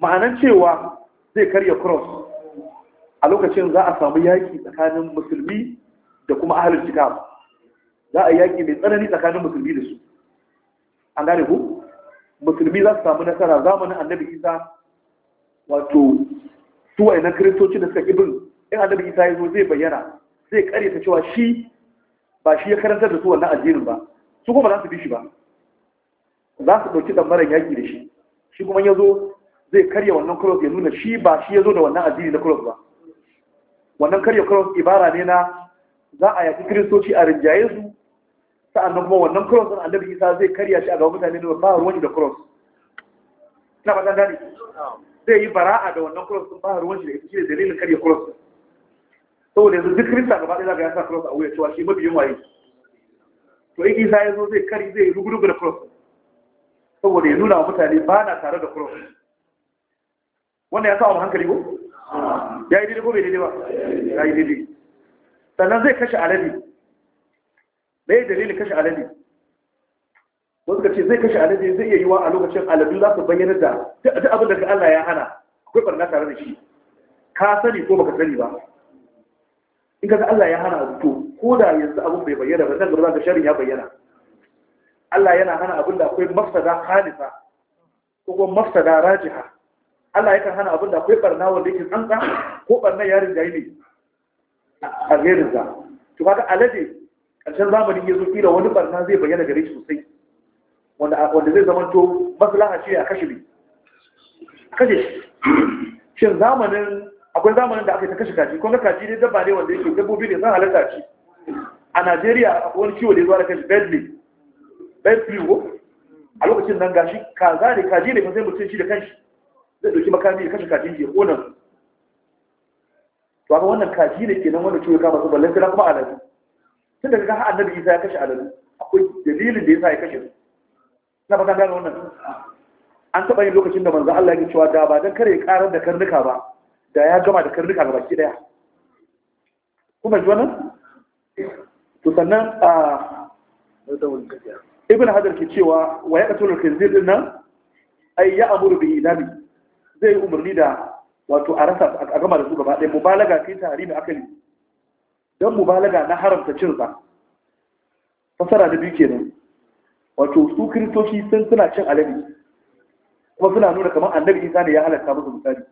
ma'anan cewa zai karya cross a lokacin za a samu yaƙi tsakanin musulmi da kuma ahalin kitab za a yaƙi mai tsanani tsakanin musulmi da su an gane ku musulmi za su samu nasara zamanin annabi isa wato su wayannan kiristoci da suka kibin in annabi isa ya zo zai bayyana zai karyata cewa shi ba shi ya karantar da su wannan addinin ba su kuma za su bi shi ba za su ɗauki ɗanɓaran yaƙi da shi shi kuma ya zo zai karya wannan cross ya nuna shi ba shi ya zo da wannan addini na cross ba wannan karya cross ibara ne na za a yaƙi kiristoci a rinjaye su sa'annan kuma wannan cross ɗin annabi isa zai karya shi a gaban mutane da ba ruwan da cross na ba gane zai yi bara'a da wannan cross ɗin ba ruwan shi da ita shi ne dalilin karya cross ɗin saboda yanzu duk kirista gaba ɗaya ga ya sa cross a wuya cewa shi mabiyin waye to in isa ya zo zai kari zai rugurugu da cross saboda ya nuna wa mutane ba na tare da cross wannan ya sa wa hankali ko ya yi daidai ko bai daidai ba ya yi daidai sannan zai kashe alade da ya dalilin kashe alade wasu ka ce zai kashe alade zai iya yiwa a lokacin aladu za su bayyana da duk abin da Allah ya hana akwai barna tare da shi ka sani ko baka sani ba in ga Allah ya hana abu ko da yanzu abun bai bayyana ba nan gaba da sharri ya bayyana Allah yana hana abin da akwai mafsada khalisa ko kuma mafsada rajiha Allah yakan hana abin da akwai barna wanda yake tsantsa ko barna yarin yi ne a gairin za to kaga alade ƙarshen zamanin ya zo kila wani barna zai bayyana gare shi sosai wanda zai zama to maslaha ce a kashe ne kashe shin zamanin akwai zamanin da aka yi ta kashe kaji kuma kaji ne dabba ne wanda yake dabbobi ne zan halatta ci a najeriya akwai wani ciwo da ya zuwa da kashe bedley bird wo a lokacin nan gashi kaza ne kaji ne kasai sai mutum shi da kanshi zai ɗauki makami ya kashe kaji ke kona to ga wannan kaji ne kenan wanda ciwo ya kama su ballon sai kuma aladu tun daga har annabi Isa ya kashe aladu akwai dalilin da ya sa ya kashe su na ba gane wannan an taba yin lokacin da manzan Allah ya cewa da ba don kare karar da karnuka ba da ya gama da karnuka ga baki daya kuma ji wannan to sannan a ibn hadar ke cewa wa ya katul kanzir din nan ai ya amuru bi idami zai umarni da wato a rasa a gama da su gaba ɗaya mubalaga fi tahrimi akali dan mubalaga na haramta cin sa fasara da biyu kenan wato su kristoci sun suna cin alabi kuma suna nuna kamar annabi isa ne ya halatta musu misali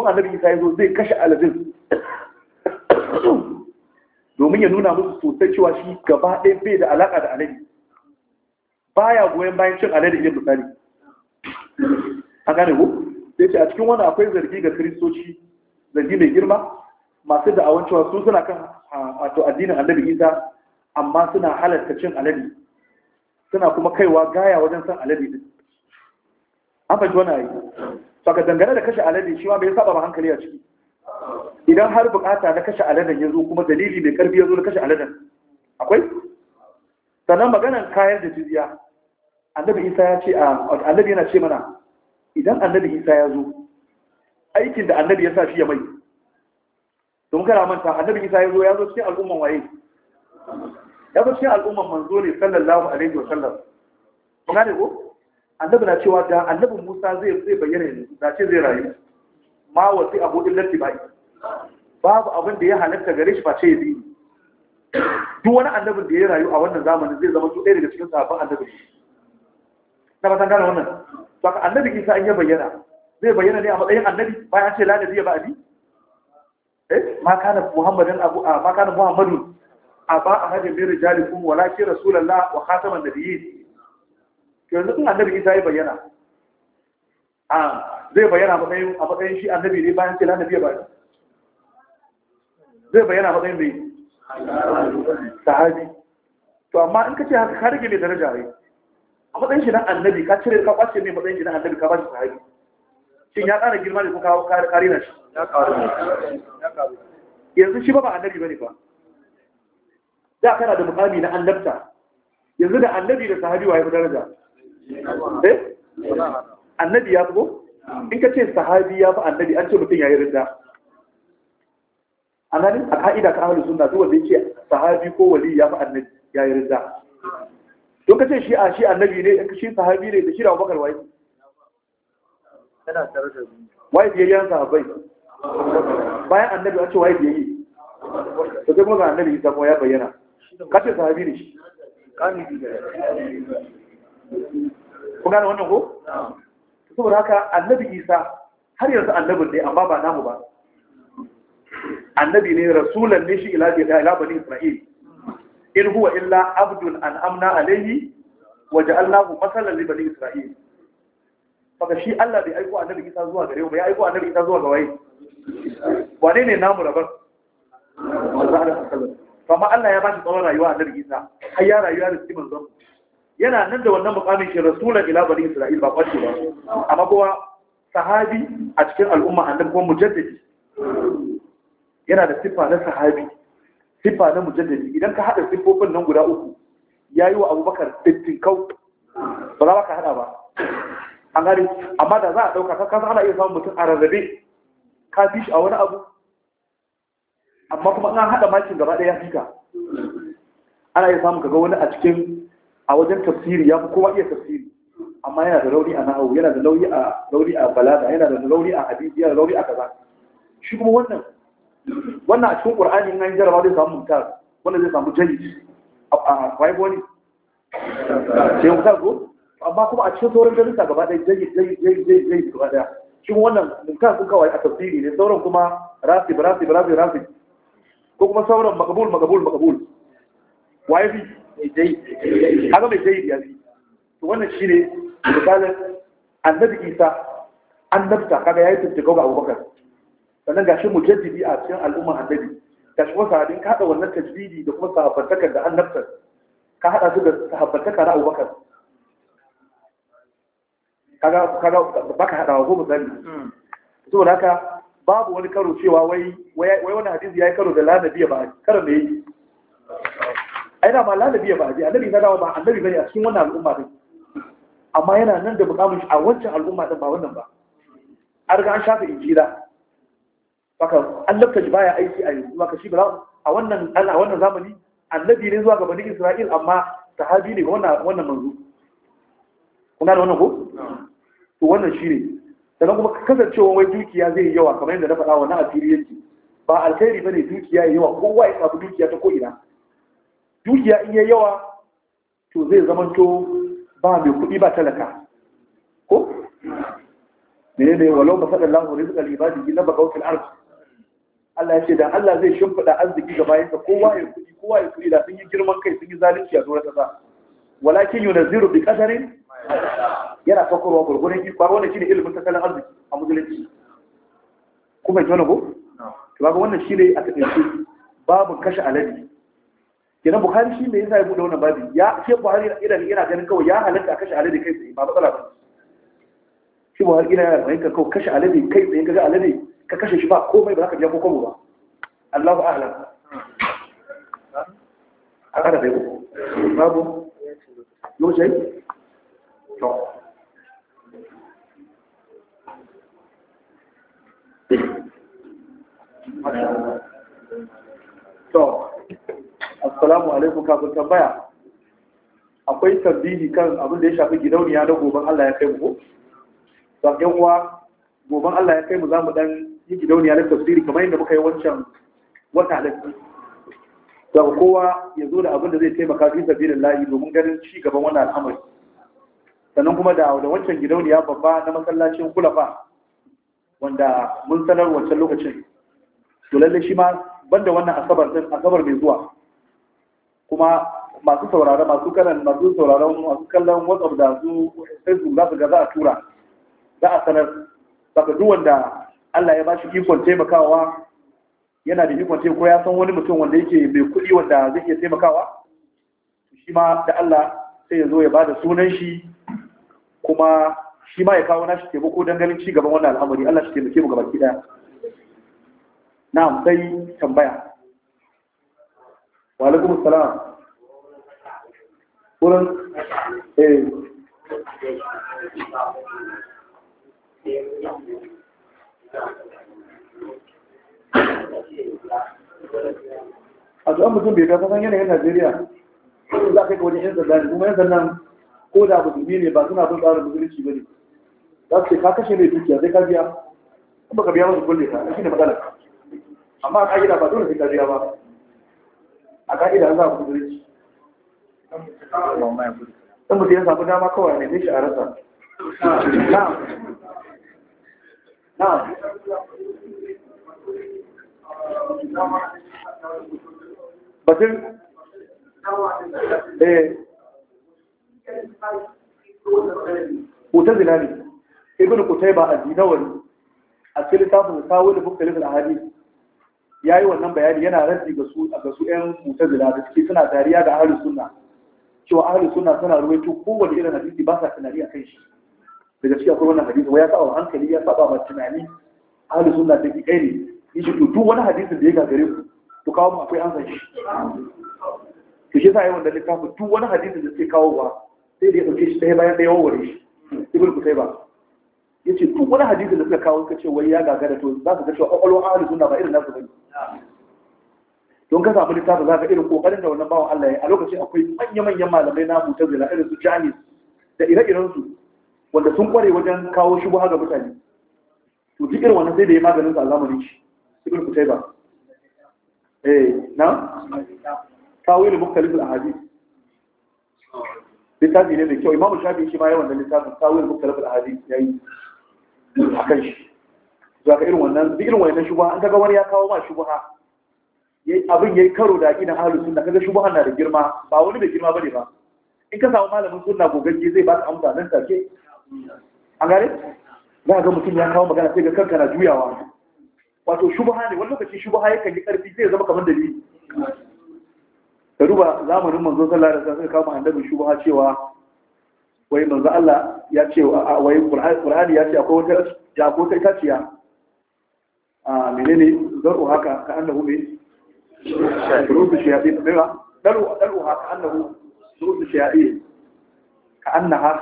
ko annabi isa zo zai kashe aladin domin ya nuna musu sosai cewa shi gaba ɗaya bai da alaƙa da alade baya goyon bayan cin alade idan misali an gane ku. sai ce a cikin wani akwai zargi ga kiristoci zargi mai girma masu da'awan cewa su suna kan wato addinin annabi isa amma suna halarta cin alade suna kuma kaiwa gaya wajen san alade din an fahimci wani ayi Baka dangane da kashe alade shi ma bai saba ba hankali a ciki idan har bukata na kashe aladen ya zo kuma dalili mai karfi ya zo na kashe aladen akwai sannan maganan kayan da jizya annabi isa ya ce annabi yana ce mana idan annabi isa ya zo aikin da annabi ya sa shi ya mai don kana manta annabi isa ya zo ya zo cikin al'umman waye ya zo cikin al'umman manzo ne sallallahu alaihi wa sallam kun gane ko annabi na cewa da annabi Musa zai zai bayyana yanzu da ce zai rayu ma wasi abu illati bai babu abin da ya halatta gare shi face ya bi duk wani annabin da ya rayu a wannan zamanin zai zama duk daga cikin sahabban annabi na ba gane wannan to ka annabi Isa an ya bayyana zai bayyana ne a matsayin annabi bayan ce ladabi ya abi eh ma kana Muhammadin abu ma kana Muhammadu aba ahadin min rijalikum walakin rasulullah wa khataman nabiyyin yanzu tun annabi isa ya bayyana a zai bayyana a matsayin shi annabi ne bayan sai annabi ya bayyana zai bayyana a matsayin mai sahabi to amma in ka ce haka ka rage mai daraja rai a matsayin shi na annabi ka cire ka kwace mai matsayin shi na annabi ka ba shi sahabi shin ya ƙara girma ne ko kawo kare na shi yanzu shi ba ba annabi bane ba da kana da mukami na annabta yanzu da annabi da sahabi waye fi daraja Eh? annabi ya ko in ka ce sahabi ya fi annabi an ce mutum ya yi rinda a nan a ka'ida ka ahalu sunna duk wanda ce sahabi ko wali ya fi annabi ya yi rinda don ka ce shi a shi annabi ne in shi sahabi ne da shi da abubakar waye waye biye yan bai? bayan annabi an ce waye biye yi to sai kuma annabi ya bayyana ka ce sahabi ne shi ku gane wannan ko saboda haka annabi isa har yanzu annabin ne amma ba namu ba annabi ne rasulan ne shi ila bani isra'il in huwa illa abdun an amna alaihi wa ja'alnahu masalan li bani isra'il Baka shi Allah bai aiko annabi Isa zuwa gare mu ya aiko annabi Isa zuwa ga wai wane ne namu rabar manzo Allah amma Allah ya ba shi tsawon rayuwa annabi Isa har ya rayuwa da cikin manzon yana nan da wannan mukamin shi rasulan ila bani isra'il ba kwace ba amma kuma sahabi a cikin al'umma annabi ko mujaddadi yana da siffa na sahabi siffa na mujaddadi idan ka hada siffofin nan guda uku yayi wa abubakar sittin kau ba za ka hada ba an gani amma da za a dauka ka kasa ana iya samun mutum a rarrabe ka fi shi a wani abu amma kuma an hada makin gaba daya fika ana iya samun kaga wani a cikin a wajen tafsiri ya fi kowa iya tafsiri amma yana da rauni a nahawu yana da rauni a rauni a balaga yana da rauni a hadisi yana da rauni a kaza shi kuma wannan wannan a cikin qur'ani in an jarraba zai samu mutar wannan zai samu jayyid a kwai boni sai mutar ko amma kuma a cikin sauran garuka gaba ɗaya jayyid jayyid jayyid jayyid gaba ɗaya shi kuma wannan mutar sun kawai a tafsiri ne sauran kuma rasib rasib rasib rasib ko kuma sauran makabul makabul makabul waye fi haka mai jayi ya fi to wannan shi ne misalin annabi isa annabta kaga ya yi tuntuka ga abubakar sannan gashi mujaddidi a cikin al'ummar annabi gashi kuma sahabin ka haɗa wannan tajbidi da kuma sahabbantakar da annabtar ka haɗa su da sahabbantaka na abubakar kaga kaga baka haɗawa ko misali saboda haka babu wani karo cewa wai wai wani hadisi yi karo da lanabi ba karo da yayi ai da ma lalabi ya ba a je annabi na dawa ba annabi bane a cikin wannan al'umma din amma yana nan da mukamin shi a wancan al'umma din ba wannan ba an riga an shafe injira baka annabta ji baya aiki a yanzu baka shi ba a wannan a wannan zamani annabi ne zuwa ga bani Isra'il amma sahabi ne ga wannan wannan manzo kuna da wannan ko to wannan shine sannan kuma kasancewa wai dukiya zai yi yawa kamar yadda na faɗa na asiri yake ba alkhairi bane dukiya yayi yawa kowa ya samu dukiya ta ko ina dukiya in yi yawa to zai zamanto ba mai kuɗi ba talaka ko ne ne walau ba faɗa lahu rizqal ibadi na baqawtil arziki Allah ya ce da Allah zai shimfida arziki ga bayansa kowa ya kuɗi kowa ya kuɗi da sun yi girman kai sun yi zalunci a doron ƙasa walakin yunziru bi ƙasarin yana fakowa gurgurin wanda shi ne ilimin tattalin arziki a musulunci kuma ita wani ko to kaga wannan ne a takaice babu kashe alade kina bukhari shi me yasa ya bude wannan babi ya shi buhari idan yana ganin kawai ya halatta kashe alade kai tsaye ba matsala ba shi buhari ina yana ganin kawai kashe alade kai tsaye kaga alade ka kashe shi ba komai ba za ka biya kokomo ba Allahu a'lam a kada bai ko babu sai to to Asalamu alaikum kafin tambaya akwai tambihi kan abin da ya shafi gidauniya na goban Allah ya kai mu ko ba yan uwa goban Allah ya kai mu zamu dan yi gidauniya na tafsiri kamar yadda muka yi wancan wata da da kowa ya zo da abin da zai taimaka fi sabilillahi domin ganin ci gaban wannan al'amari sannan kuma da da wancan gidauniya babba na masallacin kulafa wanda mun sanar wancan lokacin to lalle shi ma banda wannan asabar din asabar mai zuwa kuma masu saurara masu kanan masu sauraron masu kallon whatsapp da su facebook za su ga za a tura za a sanar saka duk wanda Allah ya bashi ikon taimakawa yana da ikon taimakawa ya san wani mutum wanda yake mai kuɗi wanda zai iya taimakawa shi ma da Allah sai ya zo ya bada sunan shi kuma shi ma ya kawo nashi taimako don ganin ci gaban wannan al'amari Allah shi taimake mu gaba ki daya na'am sai tambaya wa alaikum salam wurin eh a zuwan mutum bai kafa san yanayin najeriya za ka yi kawai yan sanda ne kuma yan nan ko da musulmi ne ba suna bin tsarin musulunci ba ne za su ce ka kashe mai dukiya sai ka biya kuma ka biya musu kulle ka shi ne matsalar amma a ƙa'ida ba dole sai ka biya ba a ka'ida an a ɗan mutu ya samu dama kawai ne zai shi a rasa batun eh. zinari ibn kutai ba a zinawar a cikin littafin sawo da bukkalifin a hadis ya yi wannan bayani yana rantsi ga su ga su ƴan mutazila da suke suna dariya da ahlus sunna cewa ahlus sunna suna ruwaito kowanne irin hadisi ba sa tunani a akan shi daga cikin akwai wannan hadisi ya saba hankali ya saba ba tunani ahlus sunna da ki kai ne yace to duk wani hadisin da ya gagare ku to kawo mu akwai an san shi to shi yasa yayin wanda littafin duk wani hadisin da suke kawo ba sai da ya dauke shi ɗaya bayan ɗaya warware shi ibnu kutaiba Yace duk wani hadisi da suka kawo suka ce wai ya gagara to za su ga cewa a ahalin suna ba irin nasu bane don ka samu littafin za ka irin ƙoƙarin da wannan bawan Allah ya a lokacin akwai manya-manyan malamai na mutazila irin su jami'in da ire-irensu wanda sun kware wajen kawo shubuha ga mutane to duk irin wannan sai da ya maganin sa a zamanin shi ibn kutaiba eh na tawil mukhtalif a ahadith littafi ne mai kyau imamu shafi shi ma yawan da littafin tawil mukhtalif al ya yi a kan shi za ka irin wannan duk irin wannan shubaha. an kaga wani ya kawo ma shubuha abin ya yi karo da aƙidan ahlus sunna kaga shubaha na da girma ba wani da girma bane ba in ka samu malamin sunna gogagge zai baka amsa nan take an gare? za ga mutum ya kawo magana sai ga kanka na juyawa wato shubaha ne wani lokaci shubaha yakan yi karfi zai zama kamar dalili ka duba zamanin manzon sallallahu alaihi wasallam kawo annabi shubaha cewa wai manzo Allah ya ce wai Qur'ani ya ce akwai wata ya ko kaciya a menene zaru haka ka annahu me rubu shayatin dira daru daru haka annahu rubu shayatin ka annaha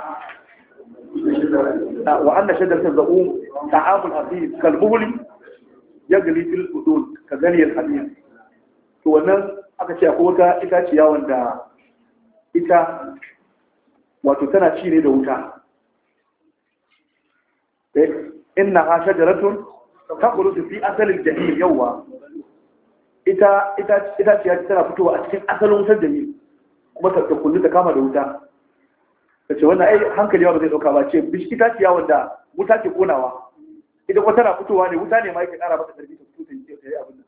wa anna shajaratan zaum ta'amul hafiz kal muhli yagli fil udud ka gani al hadid to wannan aka ce akwai wata itaciya wanda ita wato tana ci ne da wuta eh, inna ha shajaratun takhruju fi asalil jahim yawa ita ita ita ce tana fitowa a cikin asalin wutar jahim kuma ta kullu ta kama da wuta ce wannan ai hankali ba zai dauka ba ce ta ce yawon da wuta ke konawa ita kuma tana fitowa ne wuta ne ma yake kara mata karfi ta fito ta yi abin nan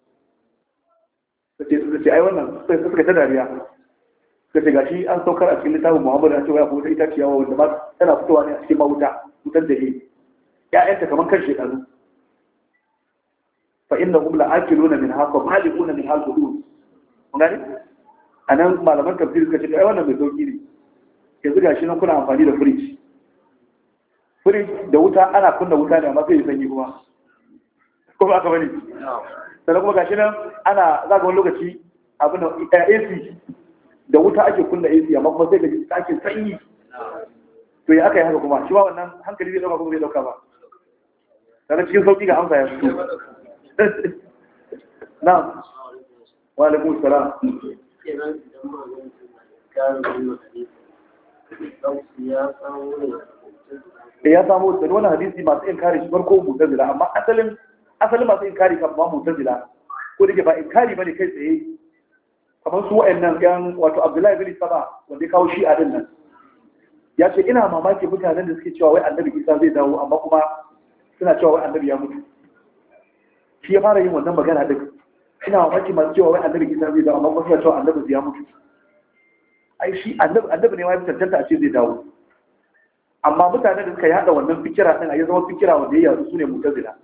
kace ce ai wannan suka ta dariya ka ce gashi an saukar a cikin littafin muhammadu na cewa ya kuma ita ciyawa wanda ba tana fitowa ne a cikin mawuta wutar da ke ya'yanta kamar kan shekaru fa inna hum nuna min haka malikuna min hal gudun kun A anan malaman tafsir suka ce ai wannan mai sauki ne yanzu gashi nan kuna amfani da fridge fridge da wuta ana kunna wuta ne amma sai ya sanyi kuma ko ba ka bane sannan kuma gashi nan ana za wani lokaci abin da eh, AC da wuta ake kunna AC amma kuma sai ka ji ɗakin sanyi to ya aka yi haka kuma shi ba wannan hankali zai ɗauka kuma zai ɗauka ba sannan cikin sauƙi ga amsa ya fito na wa alaikum salam eh, da ya samu da wani hadisi masu yin kare shi farko mutazila amma asalin asalin masu yin kare kan ma mutazila ko da ke ba in kare bane kai tsaye kamar su wa'annan yan wato abdullahi bin saba wanda ya kawo shi a nan ya ce ina mamaki mutanen da suke cewa wai annabi isa zai dawo amma kuma suna cewa wai annabi ya mutu shi ya fara yin wannan magana duk ina mamaki masu cewa wai annabi isa zai dawo amma kuma suna cewa annabi ya mutu ai shi annabi ne ma ya tantance a ce zai dawo amma mutanen da suka yi hada wannan fikira din a ya zama fikira wanda ya yazu sune mutazila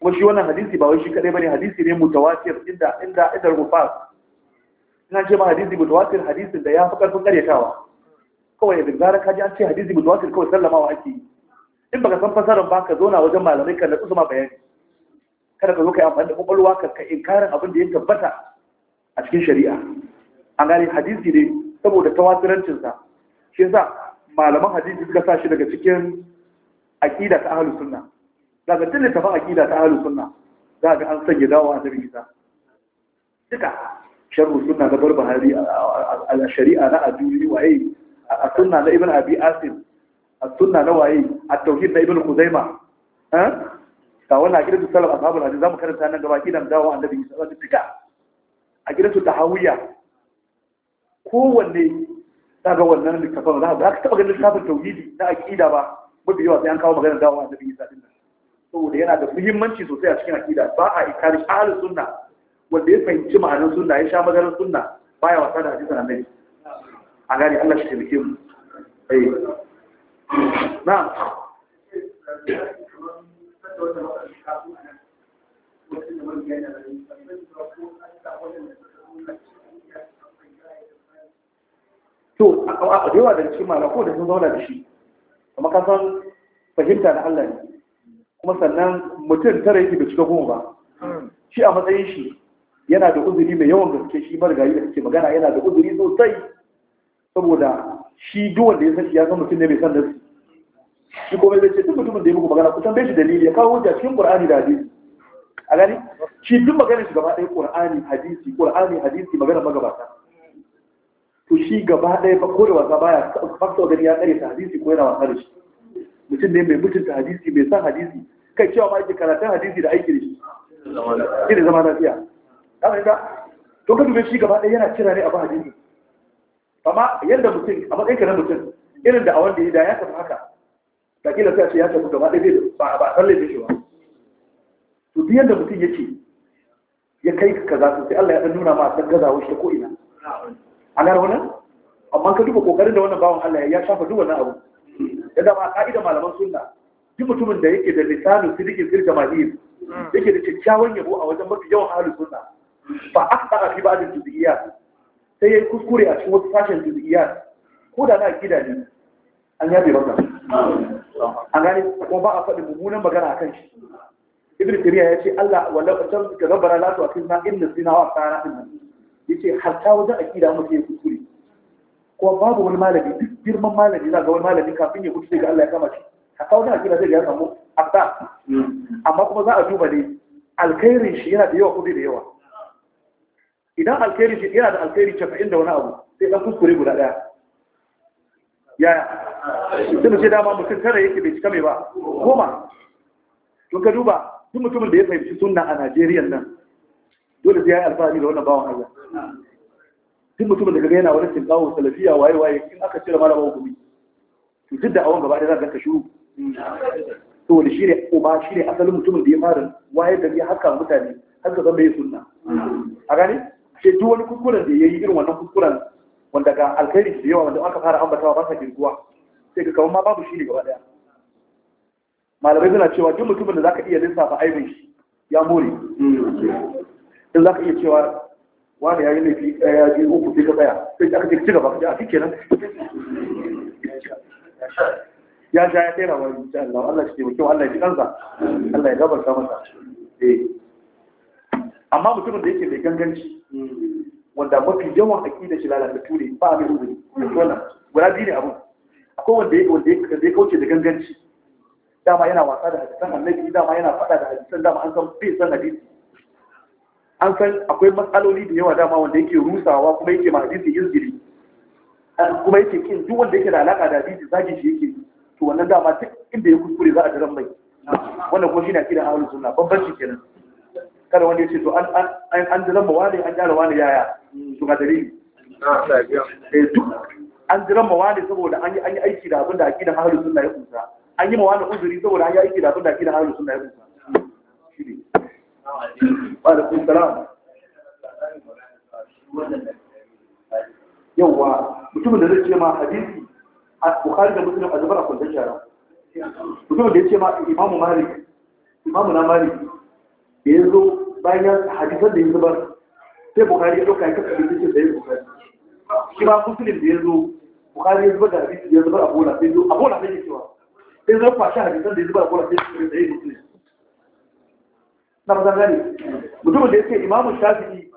kuma shi wannan hadisi ba wai shi kadai bane hadisi ne mutawatir inda inda idar rufas ina ce ma hadisi wasir hadisin da ya fi karfin karyatawa kawai da zarar ka ji an ce hadisi wasir kawai sallamawa ake yi in baka san fasarar ba ka zauna wajen malamai ka natsu ma bayani kada ka zo ka yi amfani da kwakwalwa ka ka inkarin abin da ya tabbata a cikin shari'a an gane hadisi ne saboda tawasirancinsa shi yasa malaman hadisi suka sa shi daga cikin aqida ta ahlus sunna daga tilli littafin aqida ta ahlus sunna za ga an sanya dawo a nabi isa duka sharru sunna na bahari a shari'a na ajuyi waye a sunna na ibn abi asim a sunna na waye a tauhid na ibn kuzaima ta wannan akidar a salaf ashabul za mu karanta nan gaba akidan dawo annabi isa wani tuka a akidar su tahawiyya kowanne daga wannan littafin za ka taba ganin littafin tauhidi na akida ba mafi yawa sai an kawo maganar dawo annabi isa alaihi nan. saboda yana da muhimmanci sosai a cikin akida ba a ikari ahlus sunna wanda ya fahimci ma'anar sunna ya sha maganar sunna baya wasa da hadisin annabi a gane Allah shi taimake mu eh na to a a yawa da cikin malam ko da sun zauna da shi amma ka san fahimta na Allah ne kuma sannan mutum tara yake bai cika goma ba hmm. shi a matsayin shi yana da uzuri mai yawan gaske shi marigayi da suke magana yana da uzuri sosai saboda shi duwan da ya san shi ya san mutum ne mai san nasu shi kuma zai ce duk mutumin da ya muku magana kusan bai shi dalili ya kawo hujja cikin qur'ani da hadisi a gani shi duk magana shi gaba ɗaya qur'ani hadisi qur'ani hadisi magana magabata to shi gaba ɗaya ba ko da wasa baya fasa gani ya tsare ta hadisi ko yana wasa da shi mutum ne mai mutunta hadisi mai san hadisi kai cewa ma yake karatun hadisi da aiki da shi shi zama lafiya ka fahimta to ka dube shi gaba ɗaya yana kira ne a ba hadisi amma yadda mutum a matsayin ka na mutum irin da a wanda ya da ya tafi haka da kila sai a ce ya tafi gaba ɗaya ba ba san laifin shi ba to duk yadda mutum ce, ya kai ka kaza sosai. Allah ya ɗan nuna ma a san gazawa shi ko ina a gara wannan amma ka duba kokarin da wannan bawan Allah ya shafa duk wannan abu da dama ka'ida malaman sunna duk mutumin da yake da lisanu sidikin sirka mahir yake da kyakkyawan yabo a wajen mafi yawan ahlus sunna Ba a fi ba'd al-juz'iyat sai ya kuskure a cikin wasu sashen juz'iyat ko da na gida ne an yabe maka an gane kuma ba a faɗi mummunan magana akan shi ibn tariya ya ce Allah wala kusan ka rabbana la tu akilna illa zina wa tsara din nan yace har ta wajen akida mutum ya kuskure ko babu wani malami duk girman malami za ga wani malami kafin ya mutu ga Allah ya kama shi a wajen akida zai ga samu hmm. amma kuma za a duba ne alkhairin shi yana da yawa ko bai da yawa idan alkhairi shi yana da alkhairi 90 da wani abu sai dan kuskure guda daya yaya sai ce dama mutum tara yake bai cika mai ba goma tun ka duba tun mutumin da ya fahimci sunna a Najeriya nan dole sai ya yi alfahari da wannan bawan Allah Tun mutumin da ga yana wani tinkawo salafiya waye waye in aka cire malama gumi to duk da awon gaba da za ka shuru wani shi ne uba shi ne asalin mutumin da ya fara wayar da ya haka mutane har ka zama ya sunna a gani? sai duk wani kuskuren da ya yi irin wannan kuskuren wanda ga alkhairi da yawa wanda aka fara ambatawa ba sa girguwa sai ga kamar ma babu shi ne gaba daya malamai suna cewa duk mutumin da zaka iya lissafa aibin shi ya more in zaka iya cewa wani eh, ya yi laifi ɗaya biyu uku sai ka tsaya sai aka ce ci gaba ya fi kenan. ya sha ya tsera wa insha Allah Allah shi ne mutum Allah ya ji kansa Allah ya gabata masa eh amma mutumin da yake mai ganganci wanda mafi yawan aƙida shi lalata ture, ba mai uzuri wannan guda biyu ne abu. akwai wanda wanda ya kauce da ganganci dama yana wasa da hadisan annabi dama yana faɗa da hadisan dama an san bai san hadisi an san akwai matsaloli da yawa dama wanda yake rusawa kuma yake ma hadisi izgiri kuma yake kin duk wanda yake da alaka da hadisi zagin shi yake to wannan dama duk inda ya kuskure za a daren mai wannan kuma shi na kiran ahlus sunna bambanci kenan kada wani ya ce to an an an wani an jira wani yaya to ga dalili ah, eh, duk an jira ma wani saboda an yi aiki da abin da aqidan ahlus sunna ya kusa an yi ma wani uzuri saboda an yi aiki da abin da aqidan ahlus sunna ya kusa shine wa yawa mutumin da zai ce ma hadisi a bukhari da mutumin a zubar a kwanta shara mutumin da ya ce ma imamu malik imamu na malik da ya zo bayan ya hadisan da ya zubar sai bukari ya ɗauka ya kasa hadisi da ya bukari shi ma musulun da ya zo bukari ya zubar da hadisi da ya zubar a bola sai zo a bola sai ya cewa sai zan kwashi hadisan da ya zubar a bola sai ya da ya musulun na ba gane mutumin da ya ce imamun shafi'i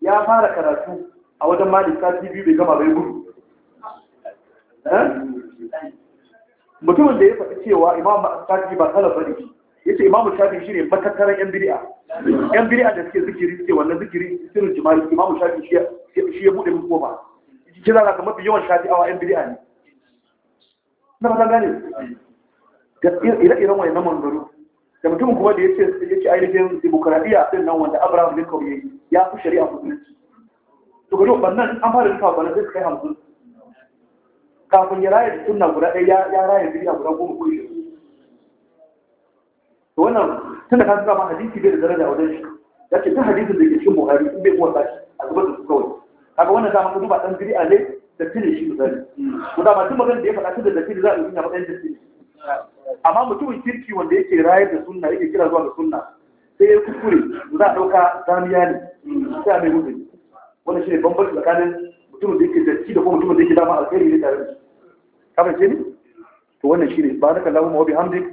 ya fara karatu a wajen malik sati biyu bai gama bai gudu eh? mutumin da ya faɗi cewa imam sati ba talaba ne yace imamu shafi shine matattaran yan bid'a yan bid'a da suke zikiri suke wannan zikiri sirrin jima'i, imamu shafi shi ya bude min kofa kira za ka mafi yawan awa yan bid'a ne na ba gane da irin iren wani nan manzaru da mutumin kuma da ya ce ainihin demokradiyya din nan wanda abraham lincoln ya ya fi shari'a musulunci to ga dubban nan an fara rufa bana sai kai hamsin kafin ya raye sunna guda ɗaya ya raye bid'a guda goma ko shi wannan tun da ka saka hadisi bai da daraja wajen shi ya ce ta hadisin da ke cikin buhari in bai kuwa shi a zubar da su kawai Haka wannan dama kuma ba dan giri a ne da tile shi misali ko da ba tun magana da ya faɗa tun da da za a yi a matsayin da tile amma mutumin kirki wanda yake rayar da sunna yake kira zuwa da sunna sai ya kuskure za a ɗauka zamiya ne sai a mai mutum wannan shi ne bambanci tsakanin mutumin da yake datti da kuma mutumin da yake dama alkhairi ne tare da shi kamar ce ne to wannan shi ne ba na kallahu ma wa bihamdik